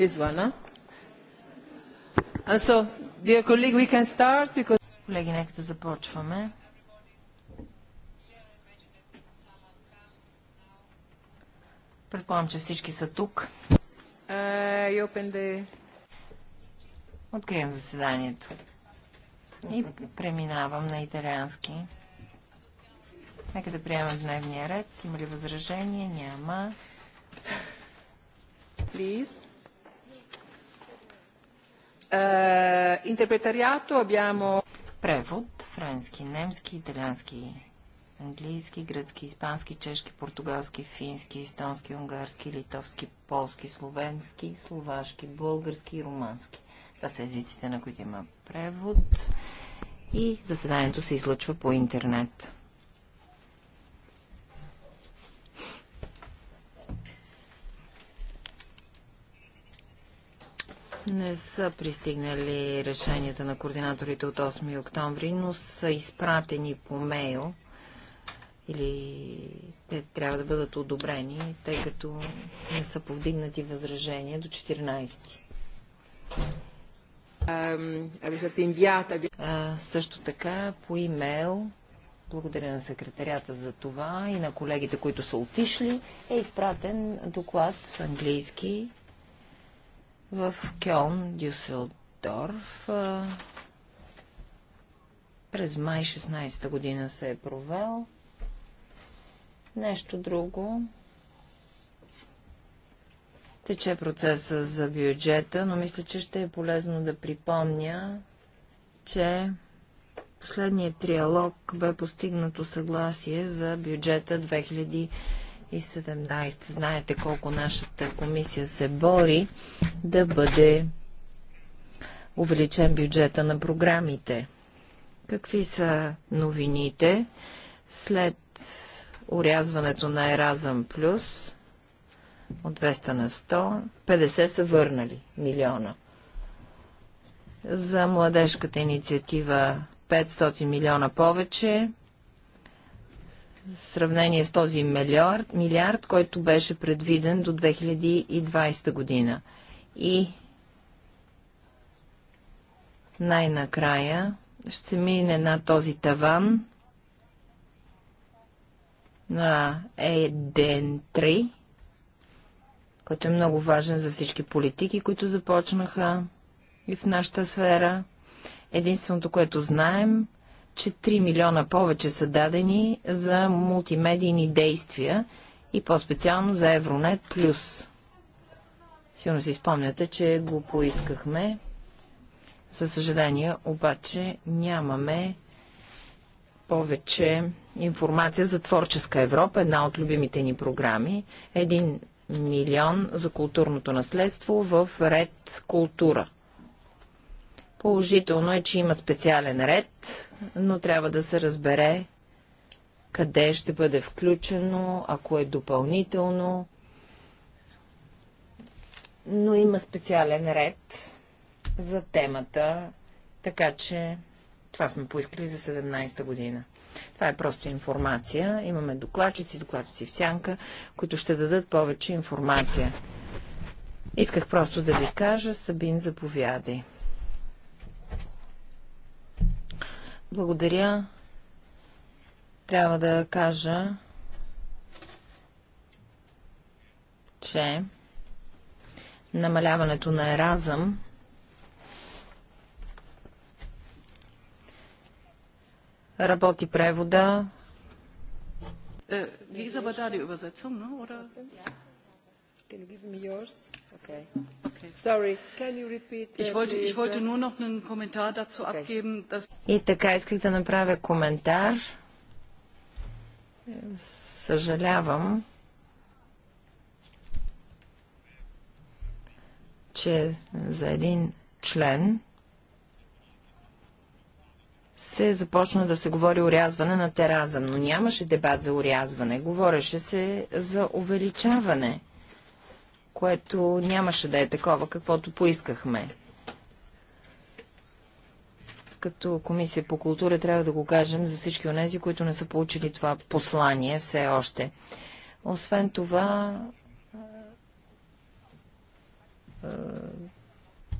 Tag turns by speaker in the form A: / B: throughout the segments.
A: This one, huh? And so, dear colleague, we can start because... Колеги, нека да започваме. Предполагам, че всички са тук. Uh, Откривам заседанието. И преминавам на италиански. Нека да приемем дневния ред. Има ли възражение? Няма. Please. Интерпретариато eh, abbiamo... Превод, френски, немски, италиански, английски, гръцки, испански, чешки, португалски, фински, естонски, унгарски, литовски, полски, словенски, словашки, български и румански. Това са езиците, на които има превод. И заседанието се излъчва по интернет. Не са пристигнали решенията на координаторите от 8 октомври, но са изпратени по мейл или те трябва да бъдат одобрени, тъй като не са повдигнати възражения до 14. също така по имейл, благодаря на секретарята за това и на колегите, които са отишли, е изпратен доклад английски в Кьон Дюселдорф. През май 16-та година се е провел. Нещо друго. Тече процеса за бюджета, но мисля, че ще е полезно да припомня, че последният триалог бе постигнато съгласие за бюджета 2017. Знаете колко нашата комисия се бори да бъде увеличен бюджета на програмите. Какви са новините след урязването на Еразъм Плюс от 200 на 100? 50 са върнали милиона. За младежката инициатива 500 милиона повече, в сравнение с този милиард, милиард, който беше предвиден до 2020 година. И най-накрая ще мине на този таван на ЕДН-3, който е много важен за всички политики, които започнаха и в нашата сфера. Единственото, което знаем, че 3 милиона повече са дадени за мултимедийни действия и по-специално за Евронет Плюс. Сигурно си спомняте, че го поискахме. Със съжаление, обаче нямаме повече информация за Творческа Европа, една от любимите ни програми. Един милион за културното наследство в ред култура. Положително е, че има специален ред, но трябва да се разбере къде ще бъде включено, ако е допълнително. Но има специален ред за темата, така че това сме поискали за 17-та година. Това е просто информация. Имаме докладчици, докладчици в сянка, които ще дадат повече информация. Исках просто да ви кажа, Сабин, заповядай. Благодаря. Трябва да кажа, че намаляването на еразъм работи превода.
B: Wie ist aber da die Übersetzung, ne? oder? Ja.
A: И така исках да направя коментар. Съжалявам, че за един член се започна да се говори урязване на теразъм, но нямаше дебат за урязване, говореше се за увеличаване което нямаше да е такова, каквото поискахме. Като комисия по култура трябва да го кажем за всички онези, които не са получили това послание все още. Освен това, е,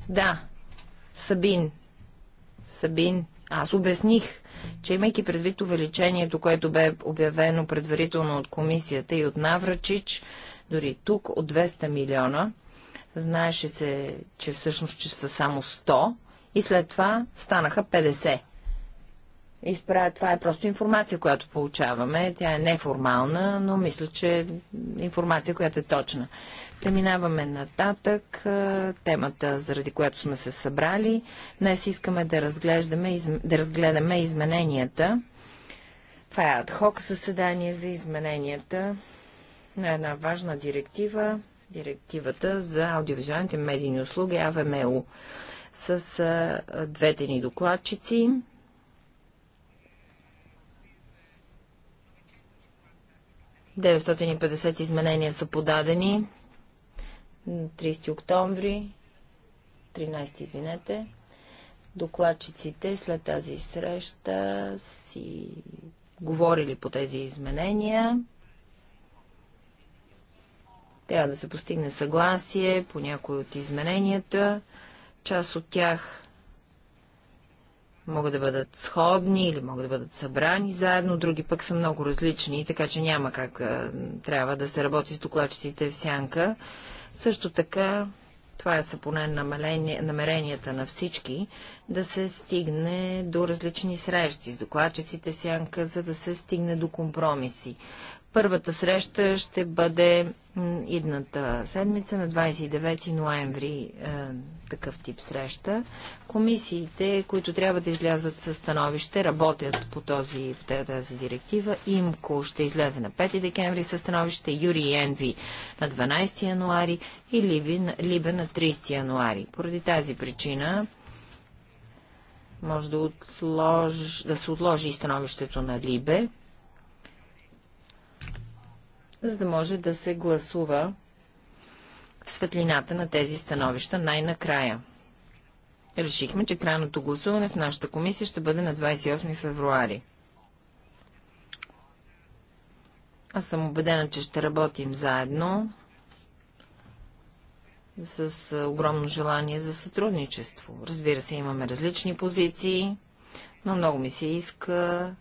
A: да, Сабин. Сабин. Аз обясних, че имайки предвид увеличението, което бе обявено предварително от комисията и от Наврачич, дори тук от 200 милиона знаеше се, че всъщност че са само 100 и след това станаха 50. Изправя, това е просто информация, която получаваме. Тя е неформална, но мисля, че е информация, която е точна. Преминаваме нататък. Е, темата, заради която сме се събрали. Днес искаме да, разглеждаме, да разгледаме измененията. Това е адхок съседание за измененията на една важна директива, директивата за аудиовизуалните медийни услуги АВМУ с а, двете ни докладчици. Деветстотин изменения са подадени 30 октомври, 13 извинете. Докладчиците след тази среща си говорили по тези изменения. Трябва да се постигне съгласие по някои от измененията. Част от тях могат да бъдат сходни или могат да бъдат събрани заедно, други пък са много различни, така че няма как трябва да се работи с докладчиците в сянка. Също така, това е поне намеренията на всички, да се стигне до различни срещи с докладчиците сянка, за да се стигне до компромиси. Първата среща ще бъде идната седмица на 29 ноември е, такъв тип среща. Комисиите, които трябва да излязат със становище, работят по, този, по тази директива. ИМКО ще излезе на 5 декември със становище, Юри и Енви на 12 януари и Либе, Либе на 30 януари. Поради тази причина може да, отлож... да се отложи и становището на Либе за да може да се гласува в светлината на тези становища най-накрая. Решихме, че крайното гласуване в нашата комисия ще бъде на 28 февруари. Аз съм убедена, че ще работим заедно с огромно желание за сътрудничество. Разбира се, имаме различни позиции, но много ми се иска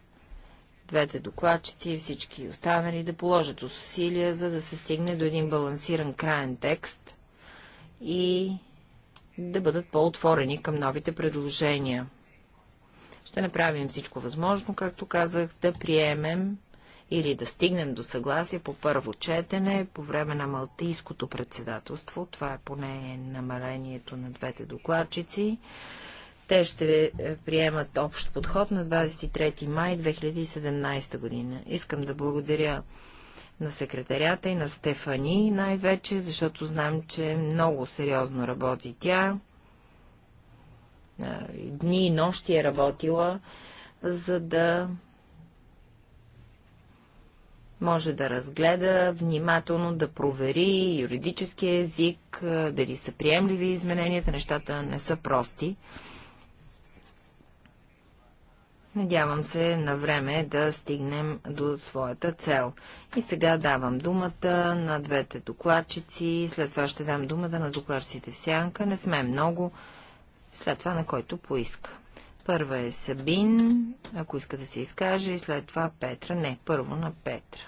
A: двете докладчици и всички останали да положат усилия, за да се стигне до един балансиран крайен текст и да бъдат по-отворени към новите предложения. Ще направим всичко възможно, както казах, да приемем или да стигнем до съгласие по първо четене по време на Малтийското председателство. Това е поне намерението на двете докладчици. Те ще е, приемат общ подход на 23 май 2017 година. Искам да благодаря на секретарята и на Стефани най-вече, защото знам, че много сериозно работи тя. Е, дни и нощи е работила, за да може да разгледа внимателно, да провери юридическия език, е, дали са приемливи измененията, нещата не са прости. Надявам се на време да стигнем до своята цел. И сега давам думата на двете докладчици, след това ще дам думата на докладчиците в сянка. Не сме много, след това на който поиска. Първа е Сабин, ако иска да се изкаже, и след това Петра. Не, първо на Петра.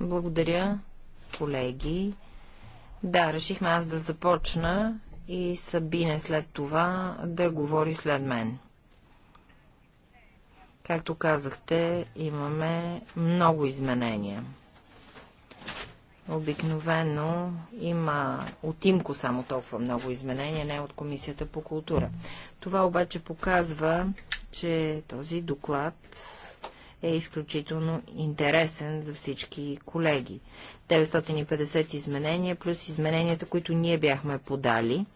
A: Благодаря, колеги. Да, решихме аз да започна и Сабине след това да говори след мен. Както казахте, имаме много изменения. Обикновено има от имко само толкова много изменения, не от Комисията по култура. Това обаче показва, че този доклад е изключително интересен за всички колеги. 950 изменения, плюс измененията, които ние бяхме подали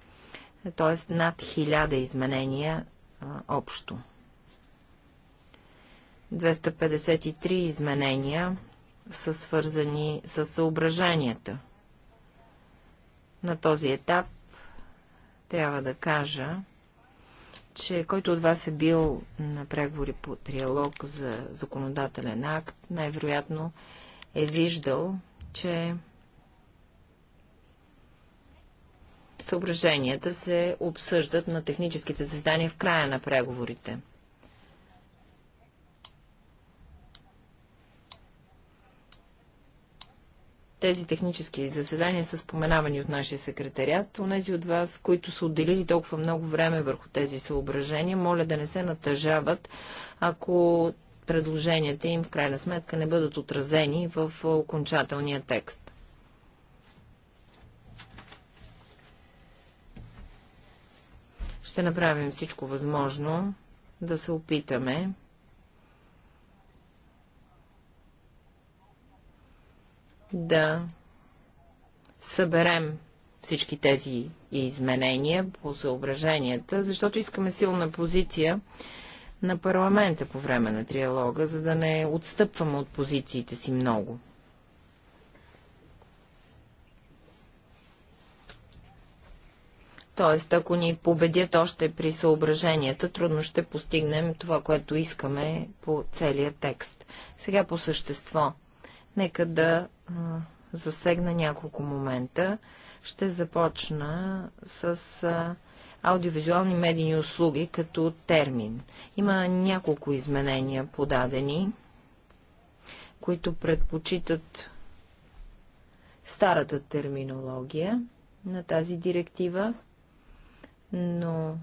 A: т.е. над 1000 изменения а, общо. 253 изменения са свързани с съображенията. На този етап трябва да кажа, че който от вас е бил на преговори по триалог за законодателен акт, най-вероятно е виждал, че съображенията се обсъждат на техническите заседания в края на преговорите. тези технически заседания са споменавани от нашия секретарят. Онези от вас, които са отделили толкова много време върху тези съображения, моля да не се натъжават, ако предложенията им в крайна сметка не бъдат отразени в окончателния текст. Ще направим всичко възможно да се опитаме да съберем всички тези изменения по съображенията, защото искаме силна позиция на парламента по време на триалога, за да не отстъпваме от позициите си много. Т.е. ако ни победят още при съображенията, трудно ще постигнем това, което искаме по целия текст. Сега по същество. Нека да засегна няколко момента. Ще започна с а, аудиовизуални медийни услуги като термин. Има няколко изменения подадени, които предпочитат старата терминология на тази директива но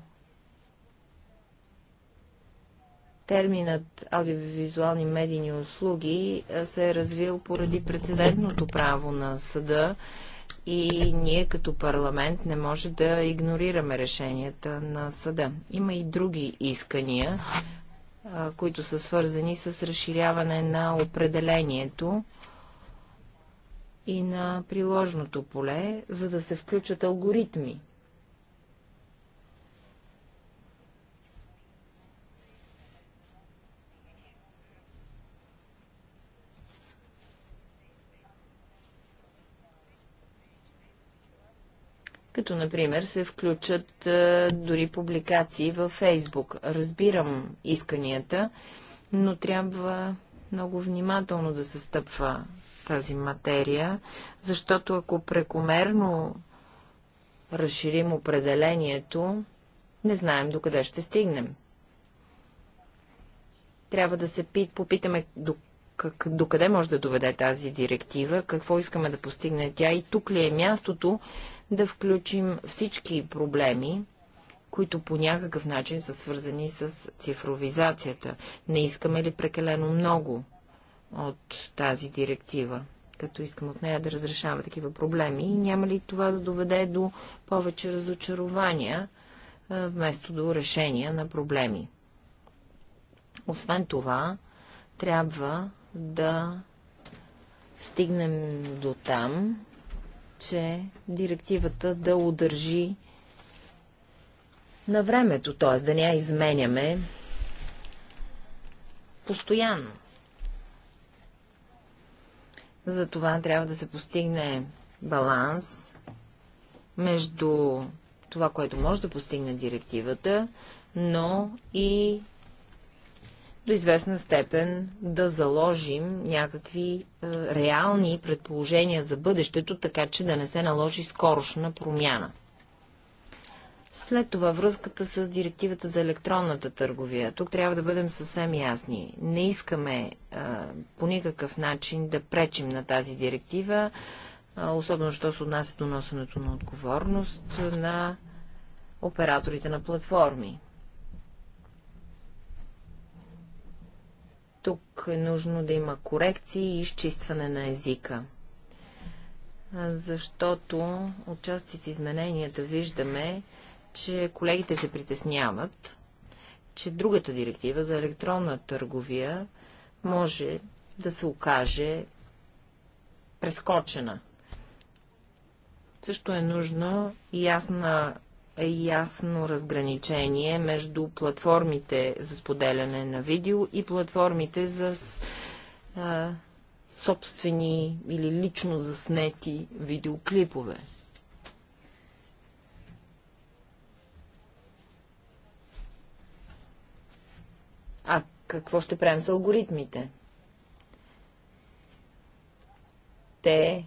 A: терминът аудиовизуални медийни услуги се е развил поради прецедентното право на съда и ние като парламент не може да игнорираме решенията на съда. Има и други искания, които са свързани с разширяване на определението и на приложното поле, за да се включат алгоритми. като например се включат дори публикации във Фейсбук. Разбирам исканията, но трябва много внимателно да се стъпва тази материя, защото ако прекомерно разширим определението, не знаем докъде ще стигнем. Трябва да се попитаме до как, докъде може да доведе тази директива, какво искаме да постигне тя и тук ли е мястото да включим всички проблеми, които по някакъв начин са свързани с цифровизацията. Не искаме ли прекалено много от тази директива, като искаме от нея да разрешава такива проблеми и няма ли това да доведе до повече разочарования, вместо до решения на проблеми. Освен това, трябва да стигнем до там, че директивата да удържи на времето, т.е. да не я изменяме постоянно. За това трябва да се постигне баланс между това, което може да постигне директивата, но и до известна степен да заложим някакви е, реални предположения за бъдещето, така че да не се наложи скорошна промяна. След това връзката с директивата за електронната търговия. Тук трябва да бъдем съвсем ясни. Не искаме а, е, по никакъв начин да пречим на тази директива, а, е, особено що се отнася до носенето на отговорност на операторите на платформи. Тук е нужно да има корекции и изчистване на езика. Защото от части с измененията виждаме, че колегите се притесняват, че другата директива за електронна търговия може да се окаже прескочена. Също е нужно и ясна е ясно разграничение между платформите за споделяне на видео и платформите за а, собствени или лично заснети видеоклипове. А какво ще правим с алгоритмите? Те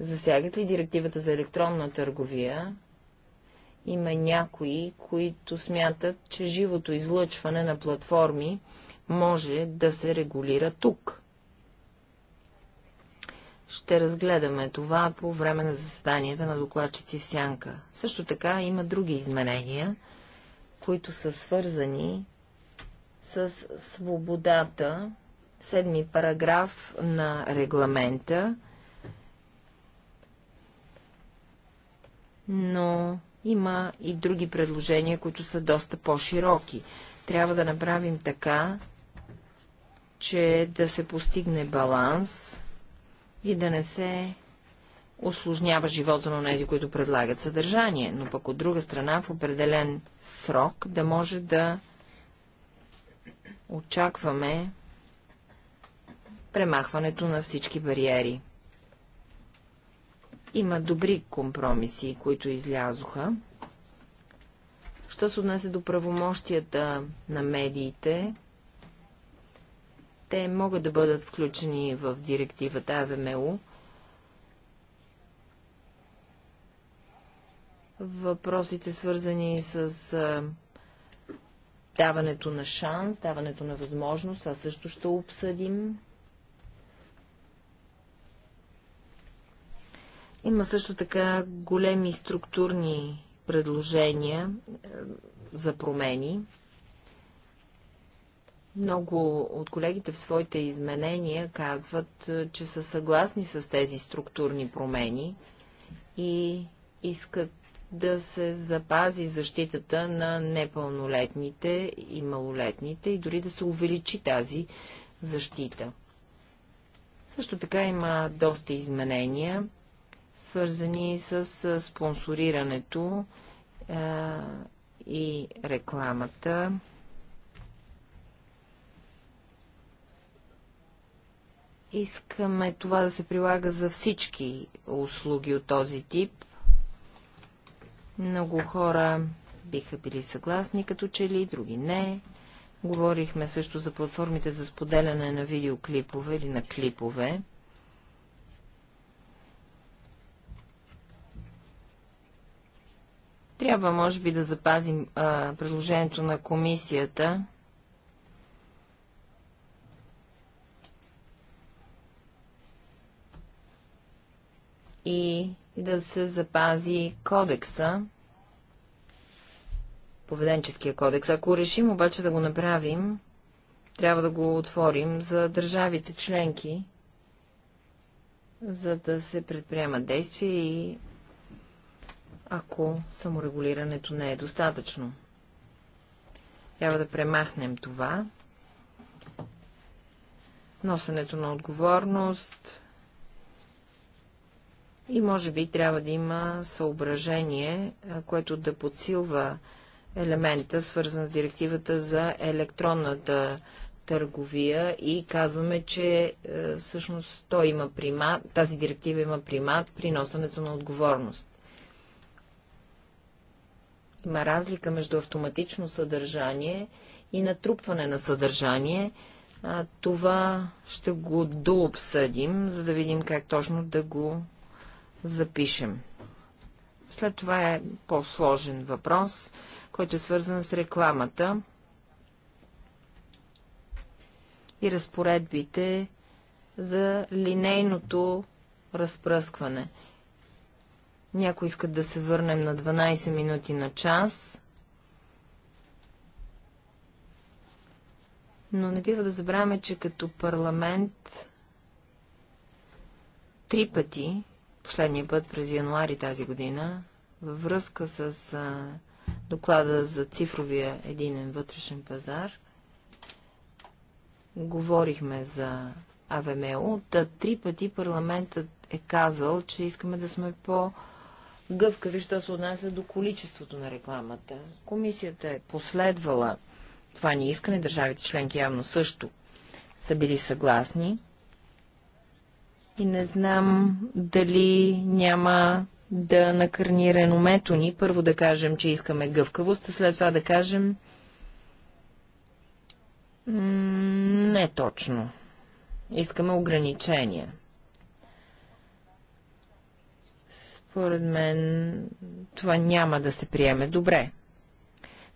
A: Засягат ли директивата за електронна търговия? Има някои, които смятат, че живото излъчване на платформи може да се регулира тук. Ще разгледаме това по време на заседанията на докладчици в Сянка. Също така има други изменения, които са свързани с свободата, седми параграф на регламента но има и други предложения, които са доста по-широки. Трябва да направим така, че да се постигне баланс и да не се осложнява живота на тези, които предлагат съдържание, но пък от друга страна в определен срок да може да очакваме премахването на всички бариери. Има добри компромиси, които излязоха. Що се отнася до правомощията на медиите, те могат да бъдат включени в директивата АВМО. Въпросите свързани с даването на шанс, даването на възможност, а също ще обсъдим. Има също така големи структурни предложения е, за промени. Много от колегите в своите изменения казват, е, че са съгласни с тези структурни промени и искат да се запази защитата на непълнолетните и малолетните и дори да се увеличи тази защита. Също така има доста изменения, свързани с спонсорирането и рекламата. Искаме това да се прилага за всички услуги от този тип. Много хора биха били съгласни, като че ли, други не. Говорихме също за платформите за споделяне на видеоклипове или на клипове. Трябва, може би, да запазим а, предложението на комисията. И да се запази кодекса, поведенческия кодекс. Ако решим обаче да го направим, трябва да го отворим за държавите членки, за да се предприемат действия и ако саморегулирането не е достатъчно. Трябва да премахнем това. Носенето на отговорност и може би трябва да има съображение, което да подсилва елемента, свързан с директивата за електронната търговия и казваме, че е, всъщност той има примат, тази директива има примат при носенето на отговорност. Има разлика между автоматично съдържание и натрупване на съдържание. А, това ще го дообсъдим, за да видим как точно да го запишем. След това е по-сложен въпрос, който е свързан с рекламата и разпоредбите за линейното разпръскване. Някои искат да се върнем на 12 минути на час. Но не бива да забравяме, че като парламент три пъти, последния път през януари тази година, във връзка с а, доклада за цифровия единен вътрешен пазар, говорихме за АВМО, та три пъти парламентът е казал, че искаме да сме по- гъвкави, що се отнася до количеството на рекламата. Комисията е последвала това ни искане, държавите членки явно също са били съгласни. И не знам дали няма да накърни реномето ни. Първо да кажем, че искаме гъвкавост, а след това да кажем не точно. Искаме ограничения. Според мен това няма да се приеме добре.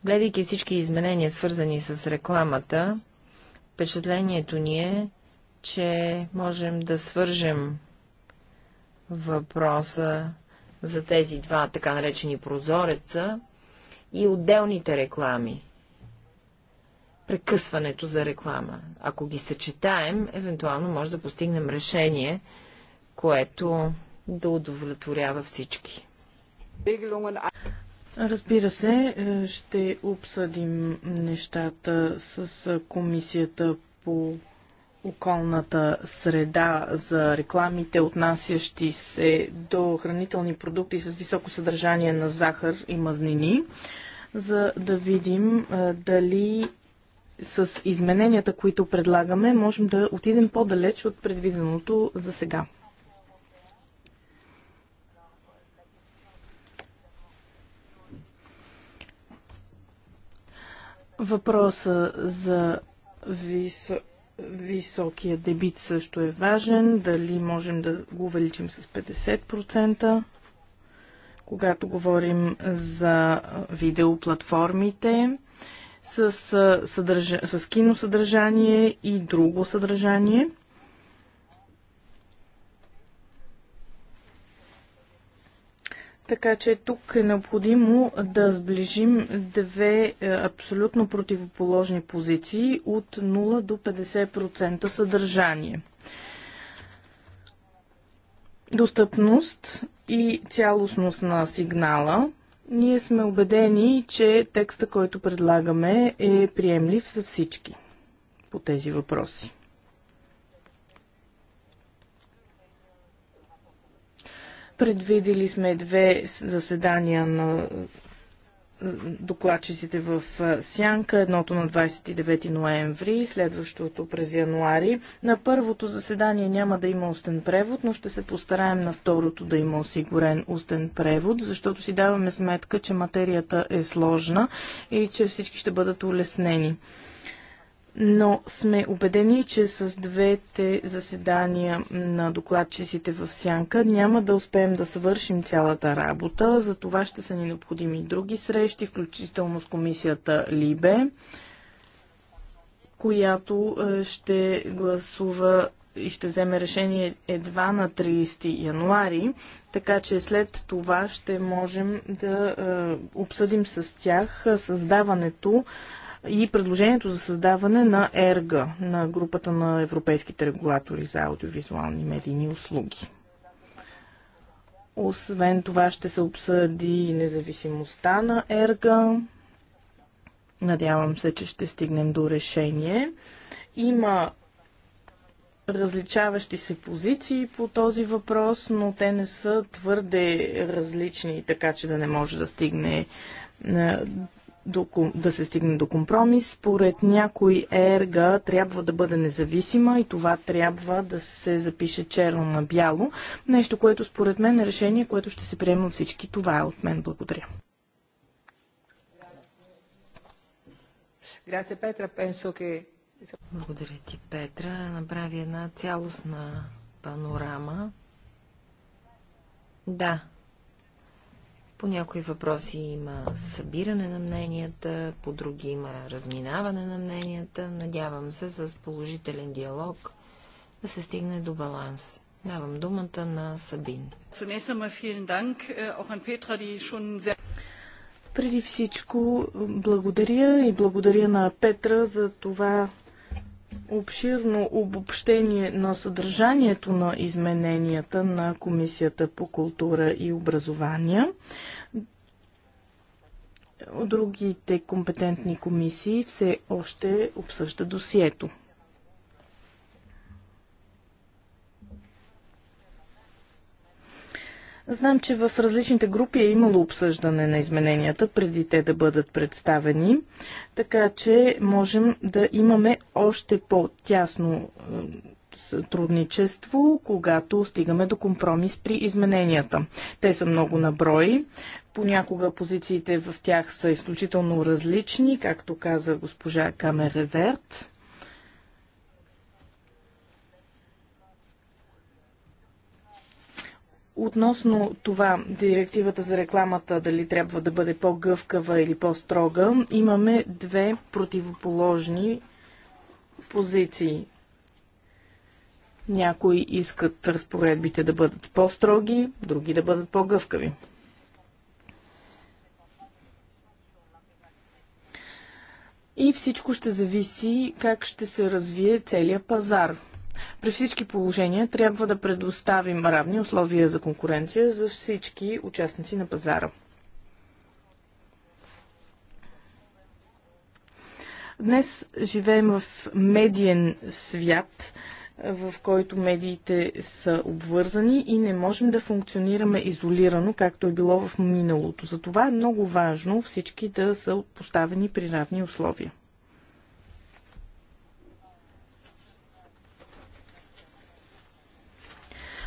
A: Гледайки всички изменения, свързани с рекламата, впечатлението ни е, че можем да свържем въпроса за тези два така наречени прозореца и отделните реклами. Прекъсването за реклама. Ако ги съчетаем, евентуално може да постигнем решение, което да удовлетворява всички. Разбира се, е, ще обсъдим нещата
B: с комисията по околната среда за рекламите, отнасящи се до хранителни продукти с високо съдържание на захар и мазнини, за да видим е, дали с измененията, които предлагаме, можем да отидем по-далеч от предвиденото за сега. Въпроса за вис... високия дебит също е важен. Дали можем да го увеличим с 50%? Когато говорим за видеоплатформите, с, съдържа... с киносъдържание и друго съдържание. Така че тук е необходимо да сближим две е, абсолютно противоположни позиции от 0 до 50% съдържание. Достъпност и цялостност на сигнала. Ние сме убедени, че текста, който предлагаме е приемлив за всички по тези въпроси. Предвидили сме две заседания на докладчиците в Сянка, едното на 29 ноември, следващото през януари. На първото заседание няма да има устен превод, но ще се постараем на второто да има осигурен устен превод, защото си даваме сметка, че материята е сложна и че всички ще бъдат улеснени но сме убедени, че с двете заседания на докладчиците в Сянка няма да успеем да свършим цялата работа. За това ще са ни необходими други срещи, включително с комисията Либе, която е, ще гласува и ще вземе решение едва на 30 януари, така че след това ще можем да е, обсъдим с тях е, създаването и предложението за създаване на ЕРГ, на групата на европейските регулатори за аудиовизуални медийни услуги. Освен това ще се обсъди независимостта на ЕРГА. Надявам се, че ще стигнем до решение. Има различаващи се позиции по този въпрос, но те не са твърде различни, така че да не може да стигне е, до, да се стигне до компромис. Според някой ЕРГА трябва да бъде независима и това трябва да се запише черно на бяло. Нещо, което според мен е решение, което ще се приеме от всички. Това е от мен.
A: Благодаря. Благодаря ти, Петра. Направи една цялостна панорама. Да, по някои въпроси има събиране на мненията, по други има разминаване на мненията. Надявам се с положителен диалог да се стигне до баланс. Давам думата на Сабин. Äh,
B: Преди всичко благодаря и благодаря на Петра за това обширно обобщение на съдържанието на измененията на Комисията по култура и образование. Другите компетентни комисии все още обсъждат досието. Знам, че в различните групи е имало обсъждане на измененията преди те да бъдат представени, така че можем да имаме още по-тясно е, сътрудничество, когато стигаме до компромис при измененията. Те са много наброи. Понякога позициите в тях са изключително различни, както каза госпожа Камереверт. Относно това, директивата за рекламата дали трябва да бъде по-гъвкава или по-строга, имаме две противоположни позиции. Някои искат разпоредбите да бъдат по-строги, други да бъдат по-гъвкави. И всичко ще зависи как ще се развие целият пазар – при всички положения трябва да предоставим равни условия за конкуренция за всички участници на пазара. Днес живеем в медиен свят, в който медиите са обвързани и не можем да функционираме изолирано, както е било в миналото. Затова е много важно всички да са поставени при равни условия.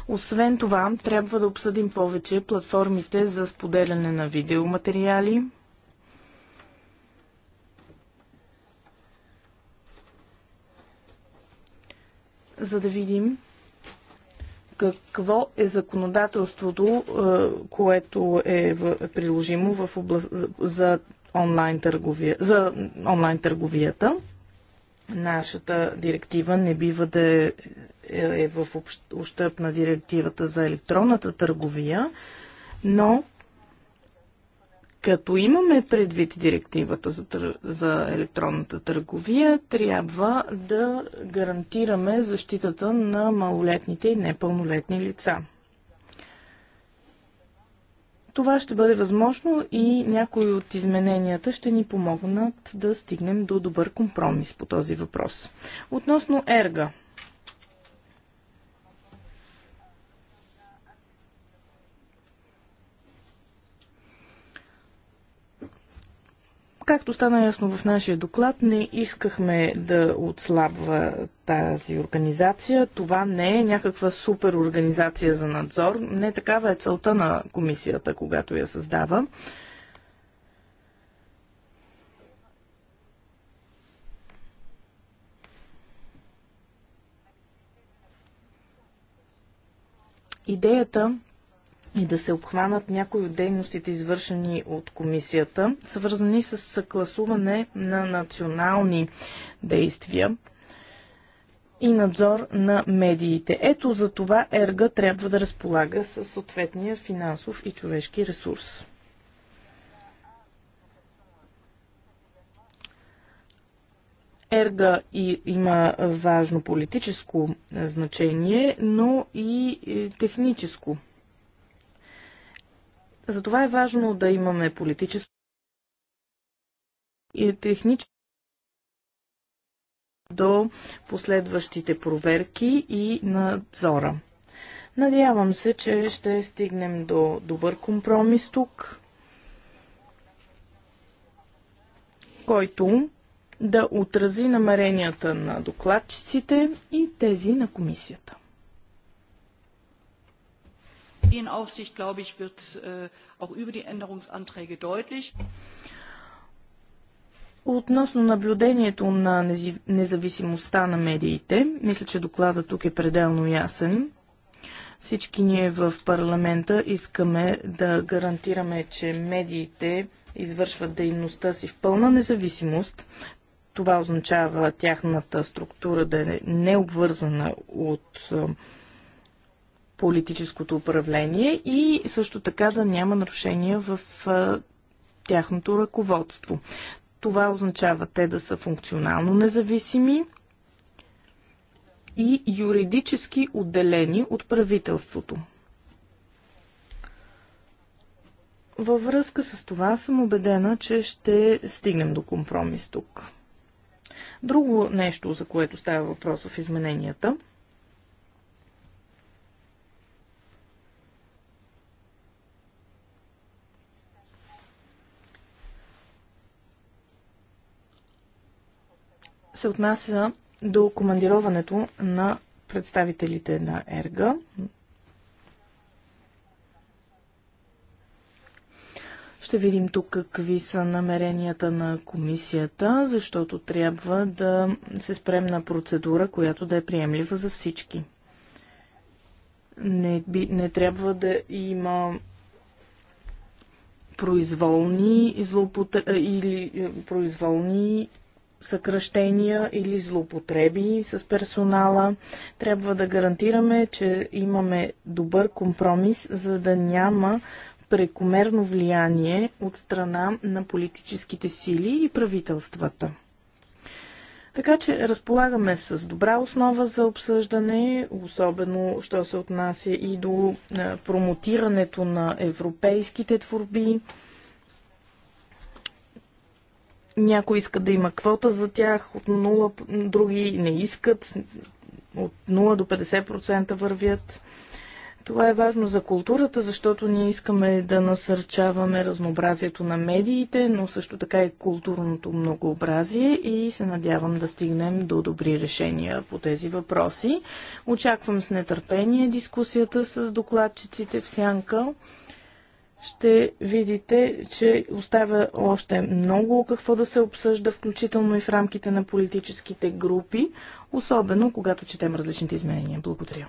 B: Освен това, трябва да обсъдим повече платформите за споделяне на видеоматериали, за да видим какво е законодателството, е, което е приложимо в област, за онлайн търговия, за онлайн търговията. Нашата директива не бива да е, е в ущърп на директивата за електронната търговия, но като имаме предвид директивата за, тър... за електронната търговия, трябва да гарантираме защитата на малолетните и непълнолетни лица. Това ще бъде възможно и някои от измененията ще ни помогнат да стигнем до добър компромис по този въпрос. Относно ерга – Както стана ясно в нашия доклад, не искахме да отслабва тази организация. Това не е някаква супер организация за надзор. Не такава е целта на комисията, когато я създава. Идеята и да се обхванат някои от дейностите, извършени от комисията, свързани с съгласуване на национални действия и надзор на медиите. Ето за това ЕРГА трябва да разполага с съответния финансов и човешки ресурс. Ерга и, има важно политическо значение, но и техническо затова е важно да имаме политическо и техническо до последващите проверки и надзора. Надявам се, че ще стигнем до добър компромис тук, който да отрази намеренията на докладчиците и тези на комисията. Medienaufsicht, wird äh, auch über die Änderungsanträge deutlich. Относно наблюдението на независимостта на медиите, мисля, че докладът тук е пределно ясен. Всички ние в парламента искаме да гарантираме, че медиите извършват дейността си в пълна независимост. Това означава тяхната структура да е необвързана от политическото управление и също така да няма нарушения в тяхното ръководство. Това означава те да са функционално независими и юридически отделени от правителството. Във връзка с това съм убедена, че ще стигнем до компромис тук. Друго нещо, за което става въпрос в измененията – се отнася до командироването на представителите на ЕРГА. Ще видим тук какви са намеренията на комисията, защото трябва да се спрем на процедура, която да е приемлива за всички. Не, би, не трябва да има произволни злоупотр... или е, произволни съкръщения или злоупотреби с персонала. Трябва да гарантираме, че имаме добър компромис, за да няма прекомерно влияние от страна на политическите сили и правителствата. Така че разполагаме с добра основа за обсъждане, особено що се отнася и до е, промотирането на европейските творби, някои искат да има квота за тях от 0, други не искат, от 0 до 50% вървят. Това е важно за културата, защото ние искаме да насърчаваме разнообразието на медиите, но също така и културното многообразие и се надявам да стигнем до добри решения по тези въпроси. Очаквам с нетърпение дискусията с докладчиците в Сянка ще видите, че остава още много какво да се обсъжда, включително и в рамките на политическите групи, особено когато четем различните изменения. Благодаря.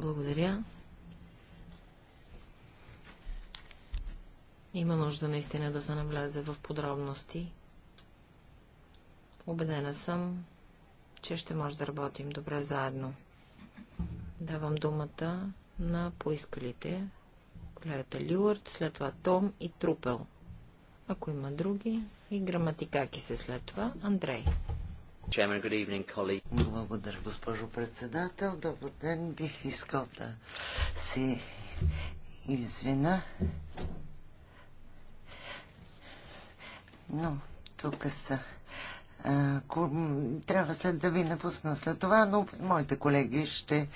A: Благодаря. Има нужда наистина да се навлязе в подробности. Убедена съм, че ще може да работим добре заедно. Давам думата на поискалите. Колегата Люард, след това Том и Трупел. Ако има други, и граматикаки се след това. Андрей.
C: Благодаря, госпожо председател. Добър ден. Бих искал да си извина. Но тук са трябва след да ви напусна след това, но моите колеги ще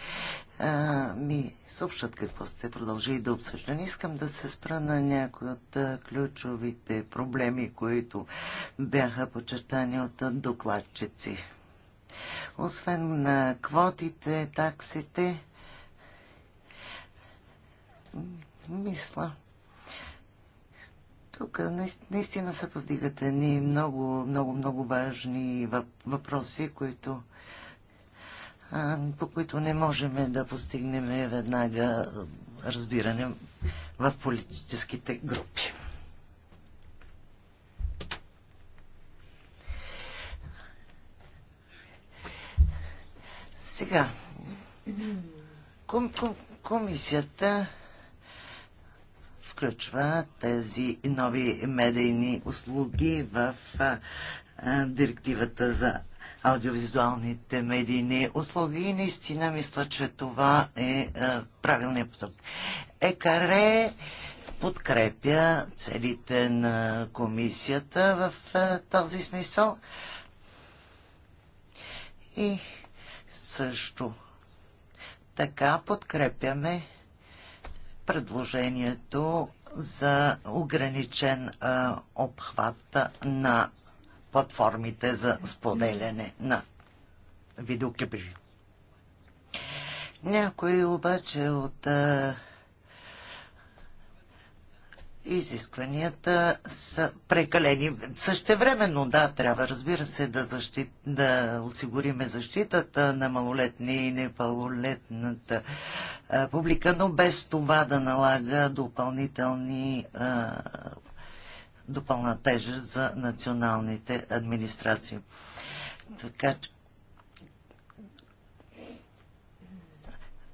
C: ми съобщат какво сте продължили да обсъждане. Искам да се спра на някои от ключовите проблеми, които бяха почертани от докладчици. Освен на квотите, таксите, мисля, тук наистина се повдигат едни много, много, много важни въпроси, които, по които не можем да постигнем веднага разбиране в политическите групи. Сега, ком, ком, комисията включва тези нови медийни услуги в директивата за аудиовизуалните медийни услуги и наистина мисля, че това е правилният поток. Екаре подкрепя целите на комисията в този смисъл и също така подкрепяме предложението за ограничен а, обхват на платформите за споделяне на видеоклипи. Някои обаче от а, изискванията са прекалени. Същевременно, да, трябва, разбира се, да, защит, да осигуриме защитата на малолетни и непълнолетната е, публика, но без това да налага допълнителни е, допълна тежест за националните администрации. Така че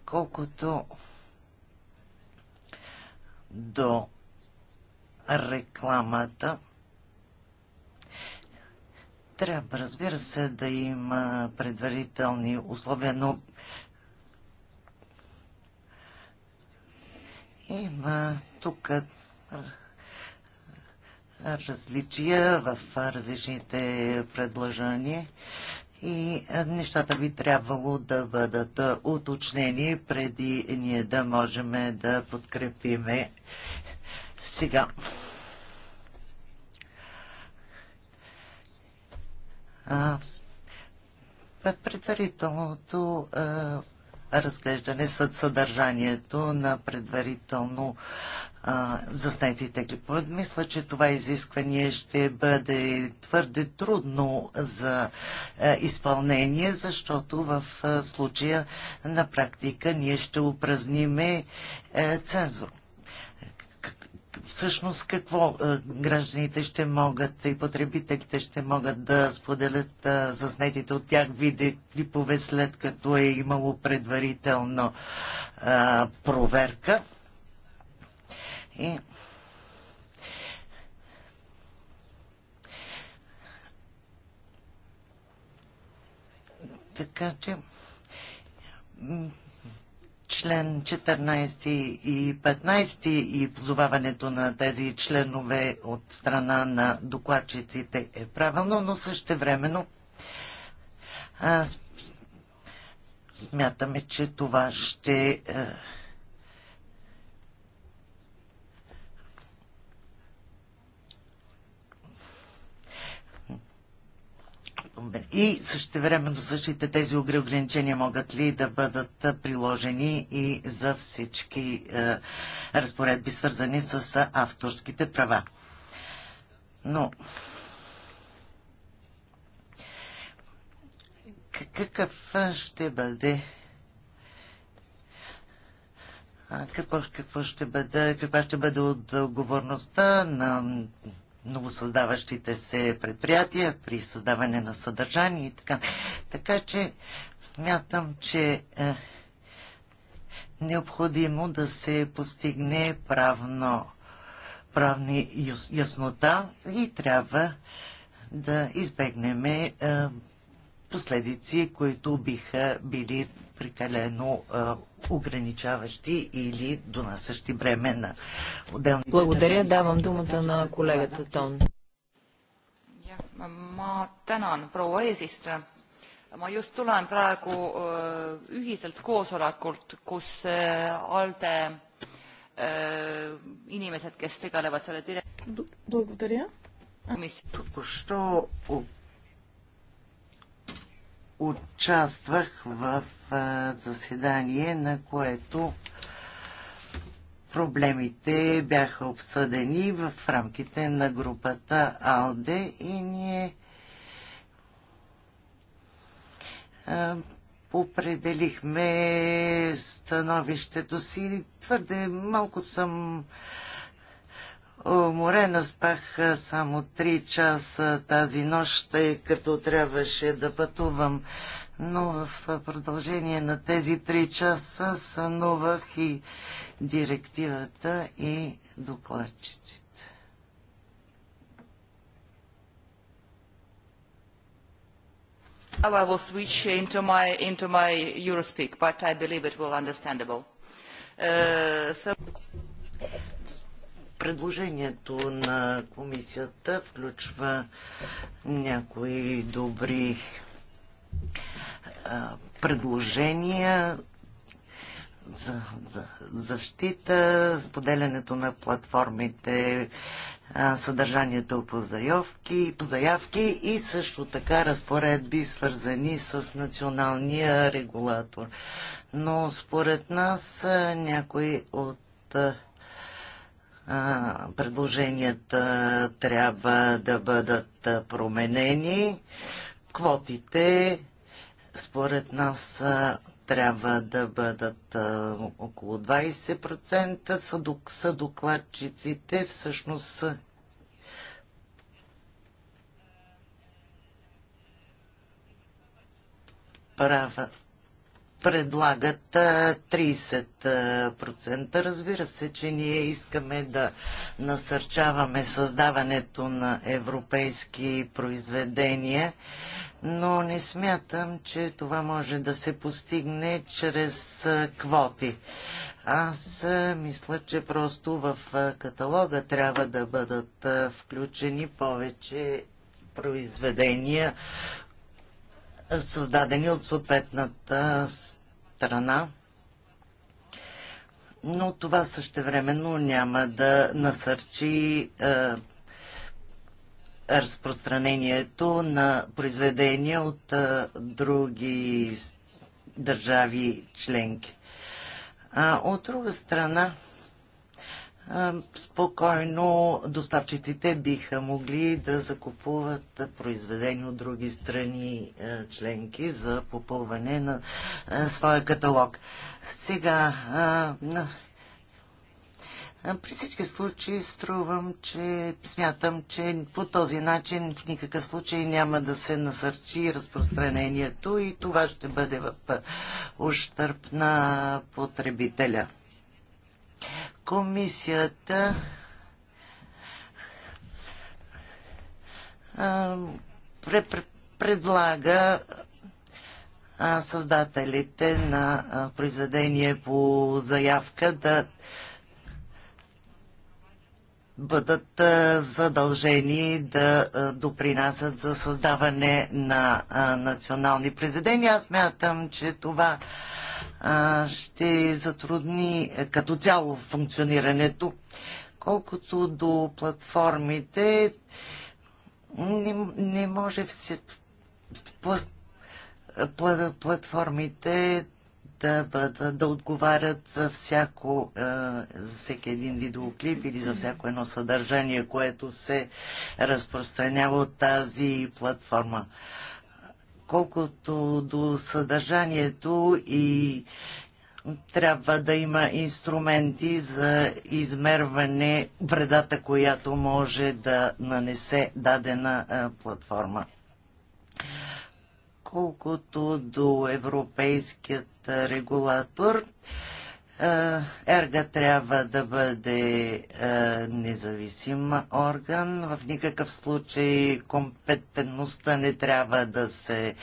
C: колкото до рекламата, трябва, разбира се, да има предварителни условия, но Има тук различия в различните предложения и нещата би трябвало да бъдат уточнени преди ние да можем да подкрепиме сега. предварителното разглеждане съд съдържанието на предварително а, заснетите клипове. Мисля, че това изискване ще бъде твърде трудно за а, изпълнение, защото в а, случая на практика ние ще упразниме цензура всъщност какво е, гражданите ще могат и потребителите ще могат да споделят е, заснетите от тях виде клипове след като е имало предварително е, проверка. И... Така че член 14 и 15 и позоваването на тези членове от страна на докладчиците е правилно, но също времено смятаме, че това ще е, И също времено същите тези ограничения могат ли да бъдат приложени и за всички разпоредби, свързани с авторските права. Но какъв ще бъде какво, какво ще бъде, каква ще бъде отговорността на новосъздаващите се предприятия, при създаване на съдържание и така. Така че мятам, че е необходимо да се постигне правно, правни яснота и трябва да избегнем е, последици, които биха били прекалено е, ограничаващи или донасящи бреме на отделните... Благодаря. Давам думата на колегата Тон.
A: Ma tänan, proua eesistuja. Ma just tulen praegu ühiselt koosolekult, kus ALDE inimesed, kes tegelevad selle direktiivi... Благодаря.
C: Току-що участвах в заседание, на което проблемите бяха обсъдени в рамките на групата АЛДЕ и ние определихме становището си. Твърде малко съм уморена, спах само 3 часа тази нощ, тъй като трябваше да пътувам. Но в продължение на тези 3 часа сънувах и директивата и докладчиците.
A: Now oh, I will switch into my, into my Eurospeak, but I believe it will understandable.
C: Uh, so предложението на комисията включва някои добри предложения за, за защита, споделянето на платформите, съдържанието по заявки, по заявки и също така разпоредби, свързани с националния регулатор. Но според нас някои от а, предложенията трябва да бъдат променени. Квотите според нас трябва да бъдат около 20%. Са, са докладчиците всъщност права, предлагат 30%. Разбира се, че ние искаме да насърчаваме създаването на европейски произведения, но не смятам, че това може да се постигне чрез квоти. Аз мисля, че просто в каталога трябва да бъдат включени повече произведения, създадени от съответната страна. Но това същевременно няма да насърчи е, разпространението на произведения от е, други държави членки. А от друга страна, спокойно доставчиците биха могли да закупуват произведени от други страни членки за попълване на своя каталог. Сега, при всички случаи струвам, че смятам, че по този начин в никакъв случай няма да се насърчи разпространението и това ще бъде в ущърп на потребителя комисията предлага създателите на произведение по заявка да бъдат задължени да допринасят за създаване на национални произведения. Аз мятам, че това ще затрудни е, като цяло функционирането. Колкото до платформите, не, не може все платформите да, да, да отговарят за, всяко, е, за всеки един видеоклип или за всяко едно съдържание, което се разпространява от тази платформа. Колкото до съдържанието и трябва да има инструменти за измерване вредата, която може да нанесе дадена платформа. Колкото до европейският регулатор, е, Ерга трябва да бъде е, независим орган. В никакъв случай компетентността не трябва да се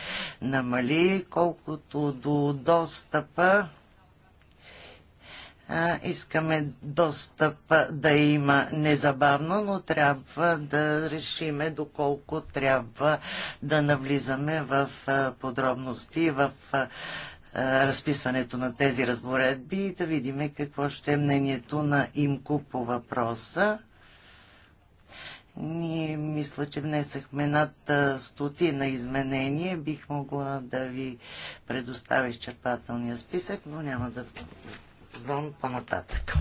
C: намали, колкото до достъпа. Е, искаме достъп да има незабавно, но трябва да решиме доколко трябва да навлизаме в подробности, в разписването на тези разпоредби и да видим какво ще е мнението на ИМКО по въпроса. Ние мисля, че внесахме над стотина изменения. Бих могла да ви предоставя изчерпателния списък, но няма да дам по-нататък.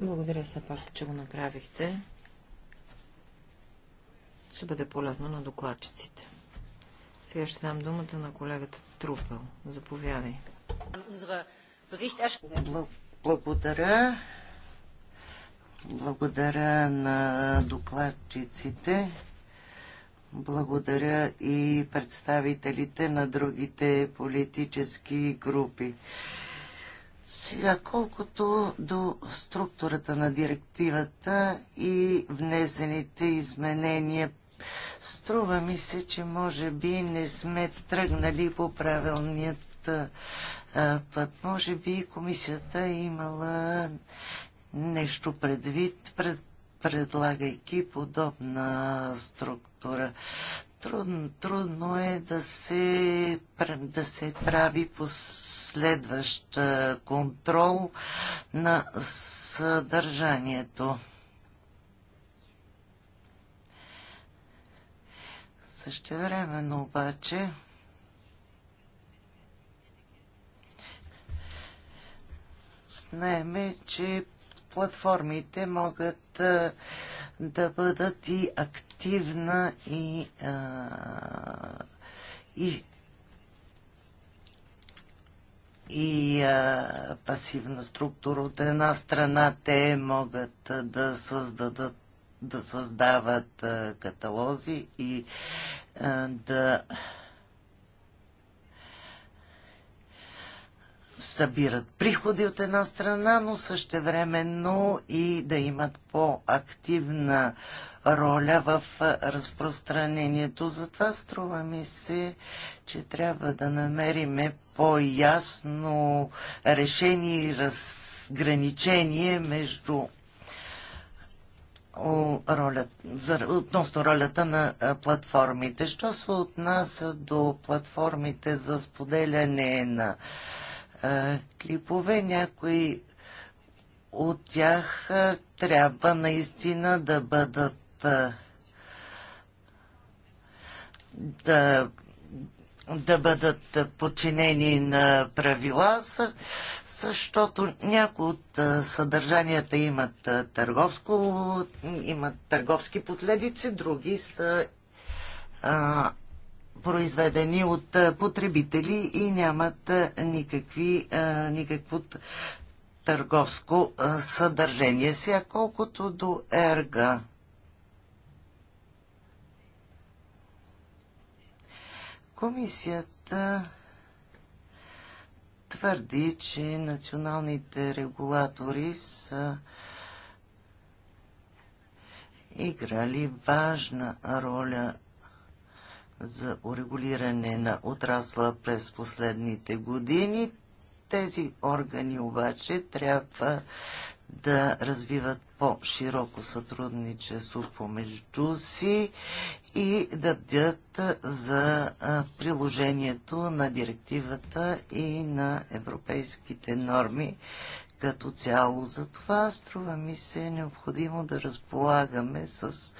A: Благодаря се пак, че го направихте. Ще бъде полезно на докладчиците. Сега ще дам
C: думата на колегата Трупел. Заповядай. Благодаря. Благодаря на докладчиците. Благодаря и представителите на другите политически групи. Сега, колкото до структурата на директивата и внесените изменения Струва ми се, че може би не сме тръгнали по правилният път. Може би комисията е имала нещо предвид, пред, предлагайки подобна структура. Трудно, трудно е да се, да се прави последващ контрол на съдържанието. Също време, но обаче знаеме, че платформите могат да, бъдат и активна и, и, и пасивна структура. От една страна те могат да създадат да създават каталози и да събират приходи от една страна, но същевременно и да имат по-активна роля в разпространението. Затова струва ми се, че трябва да намериме по-ясно решение и разграничение между ролят, относно ролята на платформите. Що се отнася до платформите за споделяне на клипове, някои от тях трябва наистина да бъдат да, да бъдат подчинени на правила, защото някои от съдържанията имат, търговско, имат търговски последици, други са а, произведени от потребители и нямат никакви, а, никакво търговско а, съдържание. Сега колкото до ерга. Комисията твърди, че националните регулатори са играли важна роля за урегулиране на отрасла през последните години. Тези органи обаче трябва да развиват по-широко сътрудничество помежду си и да бдят за приложението на директивата и на европейските норми като цяло. Затова струва ми се е необходимо да разполагаме с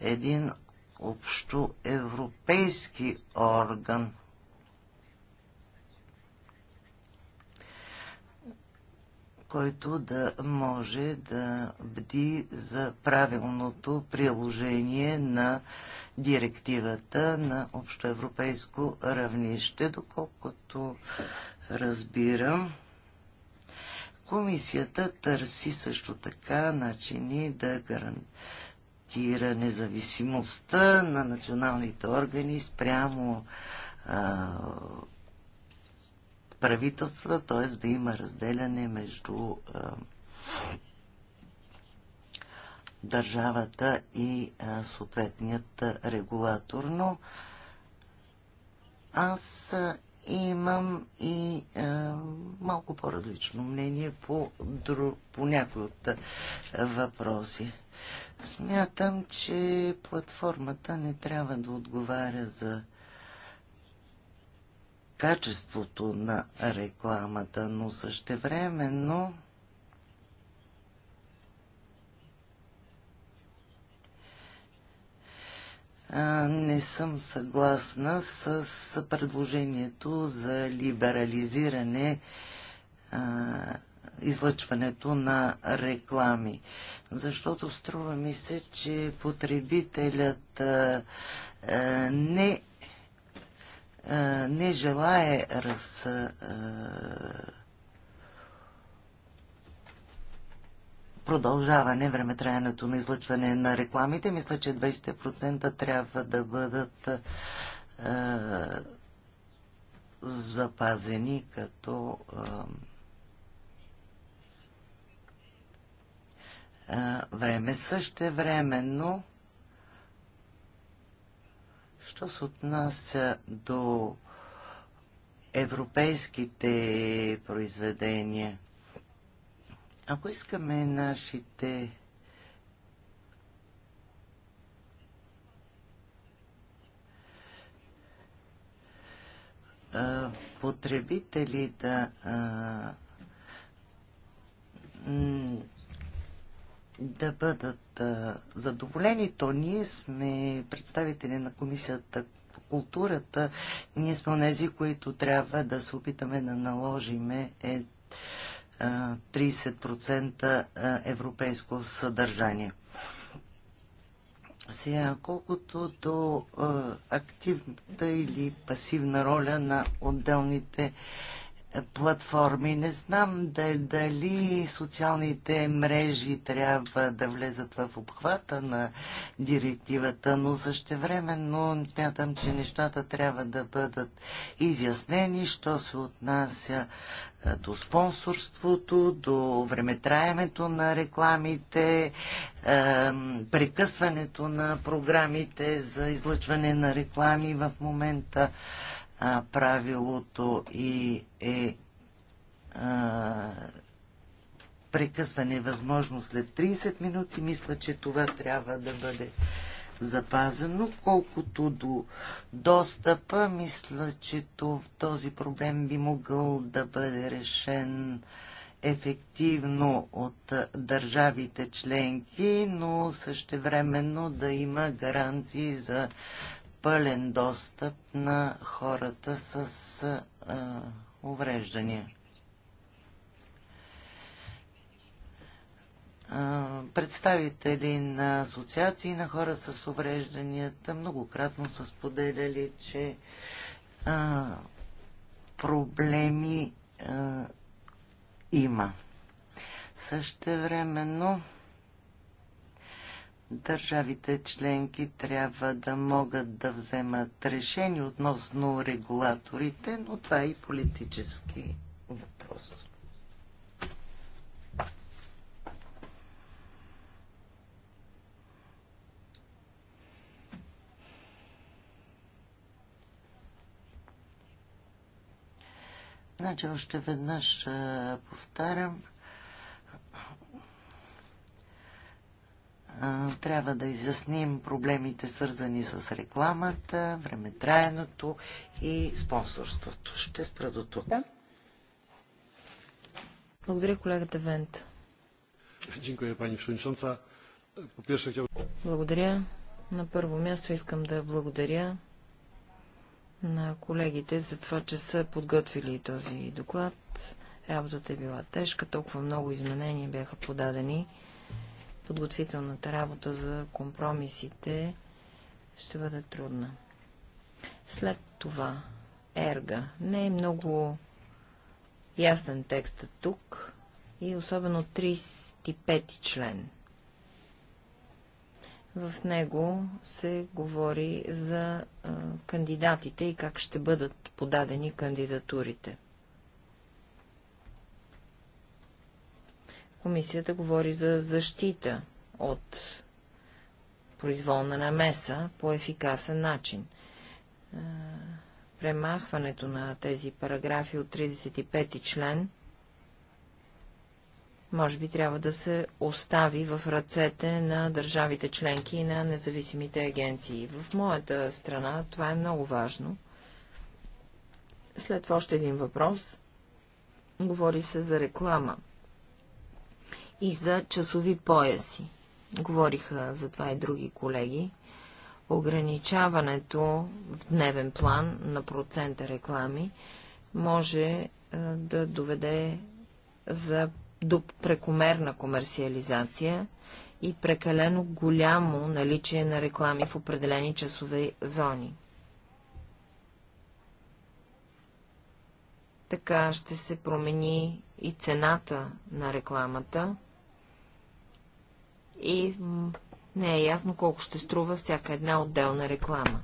C: един общо европейски орган – който да може да бди за правилното приложение на директивата на общоевропейско равнище, доколкото разбирам. Комисията търси също така начини да гарантира независимостта на националните органи спрямо а, правителства, т.е. да има разделяне между държавата и съответният регулатор. Но аз имам и малко по-различно мнение по, дру, по някои от въпроси. Смятам, че платформата не трябва да отговаря за качеството на рекламата, но същевременно не съм съгласна с предложението за либерализиране излъчването на реклами. Защото струва ми се, че потребителят е, не е не желае раз, продължаване времетраянето на излъчване на рекламите. Мисля, че 20% трябва да бъдат запазени като време. Също времено Що се отнася до европейските произведения, ако искаме нашите потребители да да бъдат задоволени, то ние сме представители на комисията по културата. Ние сме тези, които трябва да се опитаме да наложиме е, 30% европейско съдържание. Сега, колкото до активната или пасивна роля на отделните платформи. Не знам дали социалните мрежи трябва да влезат в обхвата на директивата, но същевременно смятам, че нещата трябва да бъдат изяснени, що се отнася е, до спонсорството, до времетраемето на рекламите, прекъсването на програмите за излъчване на реклами в момента а, правилото и е а, прекъсване възможно след 30 минути. Мисля, че това трябва да бъде запазено. Колкото до достъпа, мисля, че този проблем би могъл да бъде решен ефективно от държавите членки, но същевременно да има гаранции за пълен достъп на хората с а, увреждания. представители на асоциации на хора с уврежданията многократно са споделяли, че а, проблеми а, има. Също времено държавите членки трябва да могат да вземат решение относно регулаторите, но това е и политически въпрос. Значи още веднъж повтарям – трябва да изясним проблемите свързани с рекламата, времетраеното и спонсорството. Ще спра до тук. Да. Благодаря,
A: колегата Вент. Благодаря. На първо място искам да благодаря на колегите за това, че са подготвили този доклад. Работата е била тежка, толкова много изменения бяха подадени подготвителната работа за компромисите ще бъде трудна. След това ерга. Не е много ясен текстът тук и особено 35 член. В него се говори за а, кандидатите и как ще бъдат подадени кандидатурите. Комисията говори за защита от произволна намеса по ефикасен начин. Премахването на тези параграфи от 35 член може би трябва да се остави в ръцете на държавите членки и на независимите агенции. В моята страна това е много важно. След това още един въпрос. Говори се за реклама и за часови пояси. Говориха за това и други колеги. Ограничаването в дневен план на процента реклами може е, да доведе за, до прекомерна комерциализация и прекалено голямо наличие на реклами в определени часове зони. Така ще се промени и цената на рекламата и не е ясно колко ще струва всяка една отделна реклама.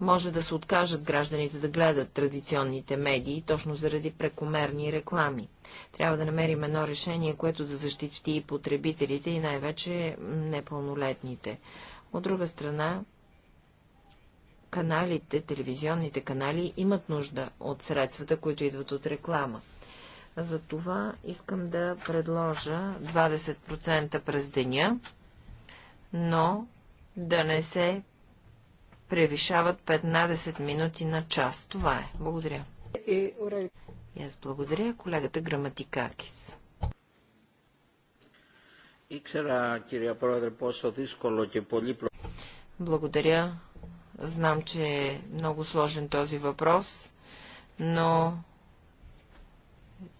A: Може да се откажат гражданите да гледат традиционните медии, точно заради прекомерни реклами. Трябва да намерим едно решение, което да защити и потребителите, и най-вече непълнолетните. От друга страна, каналите, телевизионните канали имат нужда от средствата, които идват от реклама. За това искам да предложа 20% през деня, но да не се превишават 15 минути на час. Това е. Благодаря. И аз благодаря колегата Граматикакис. Благодаря. Знам, че е много сложен този въпрос, но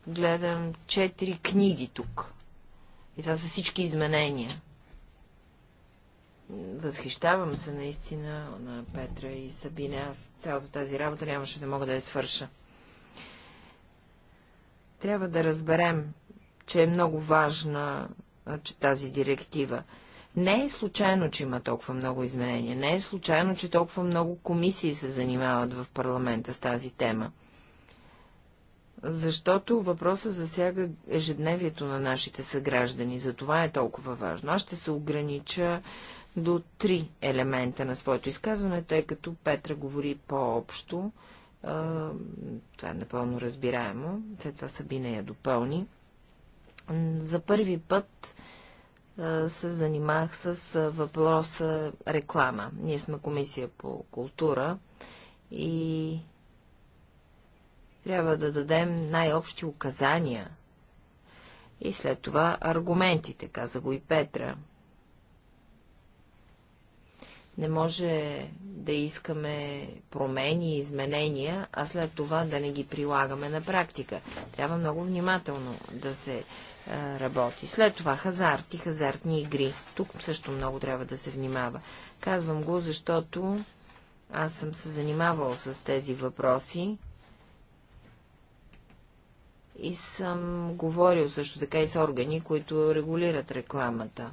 A: гледам четири книги тук. И това са всички изменения. Възхищавам се наистина на Петра и Сабина. Аз цялата тази работа нямаше да мога да я свърша. Трябва да разберем, че е много важна че тази директива. Не е случайно, че има толкова много изменения. Не е случайно, че толкова много комисии се занимават в парламента с тази тема защото въпросът засяга ежедневието на нашите съграждани. За това е толкова важно. Аз ще се огранича до три елемента на своето изказване, тъй като Петра говори по-общо. Това е напълно разбираемо. След това Сабина я допълни. За първи път се занимах с въпроса реклама. Ние сме комисия по култура и трябва да дадем най-общи указания. И след това аргументите, каза го и Петра. Не може да искаме промени и изменения, а след това да не ги прилагаме на практика. Трябва много внимателно да се а, е, работи. След това хазарт и хазартни игри. Тук също много трябва да се внимава. Казвам го, защото аз съм се занимавал с тези въпроси и съм говорил също така и с органи, които регулират рекламата.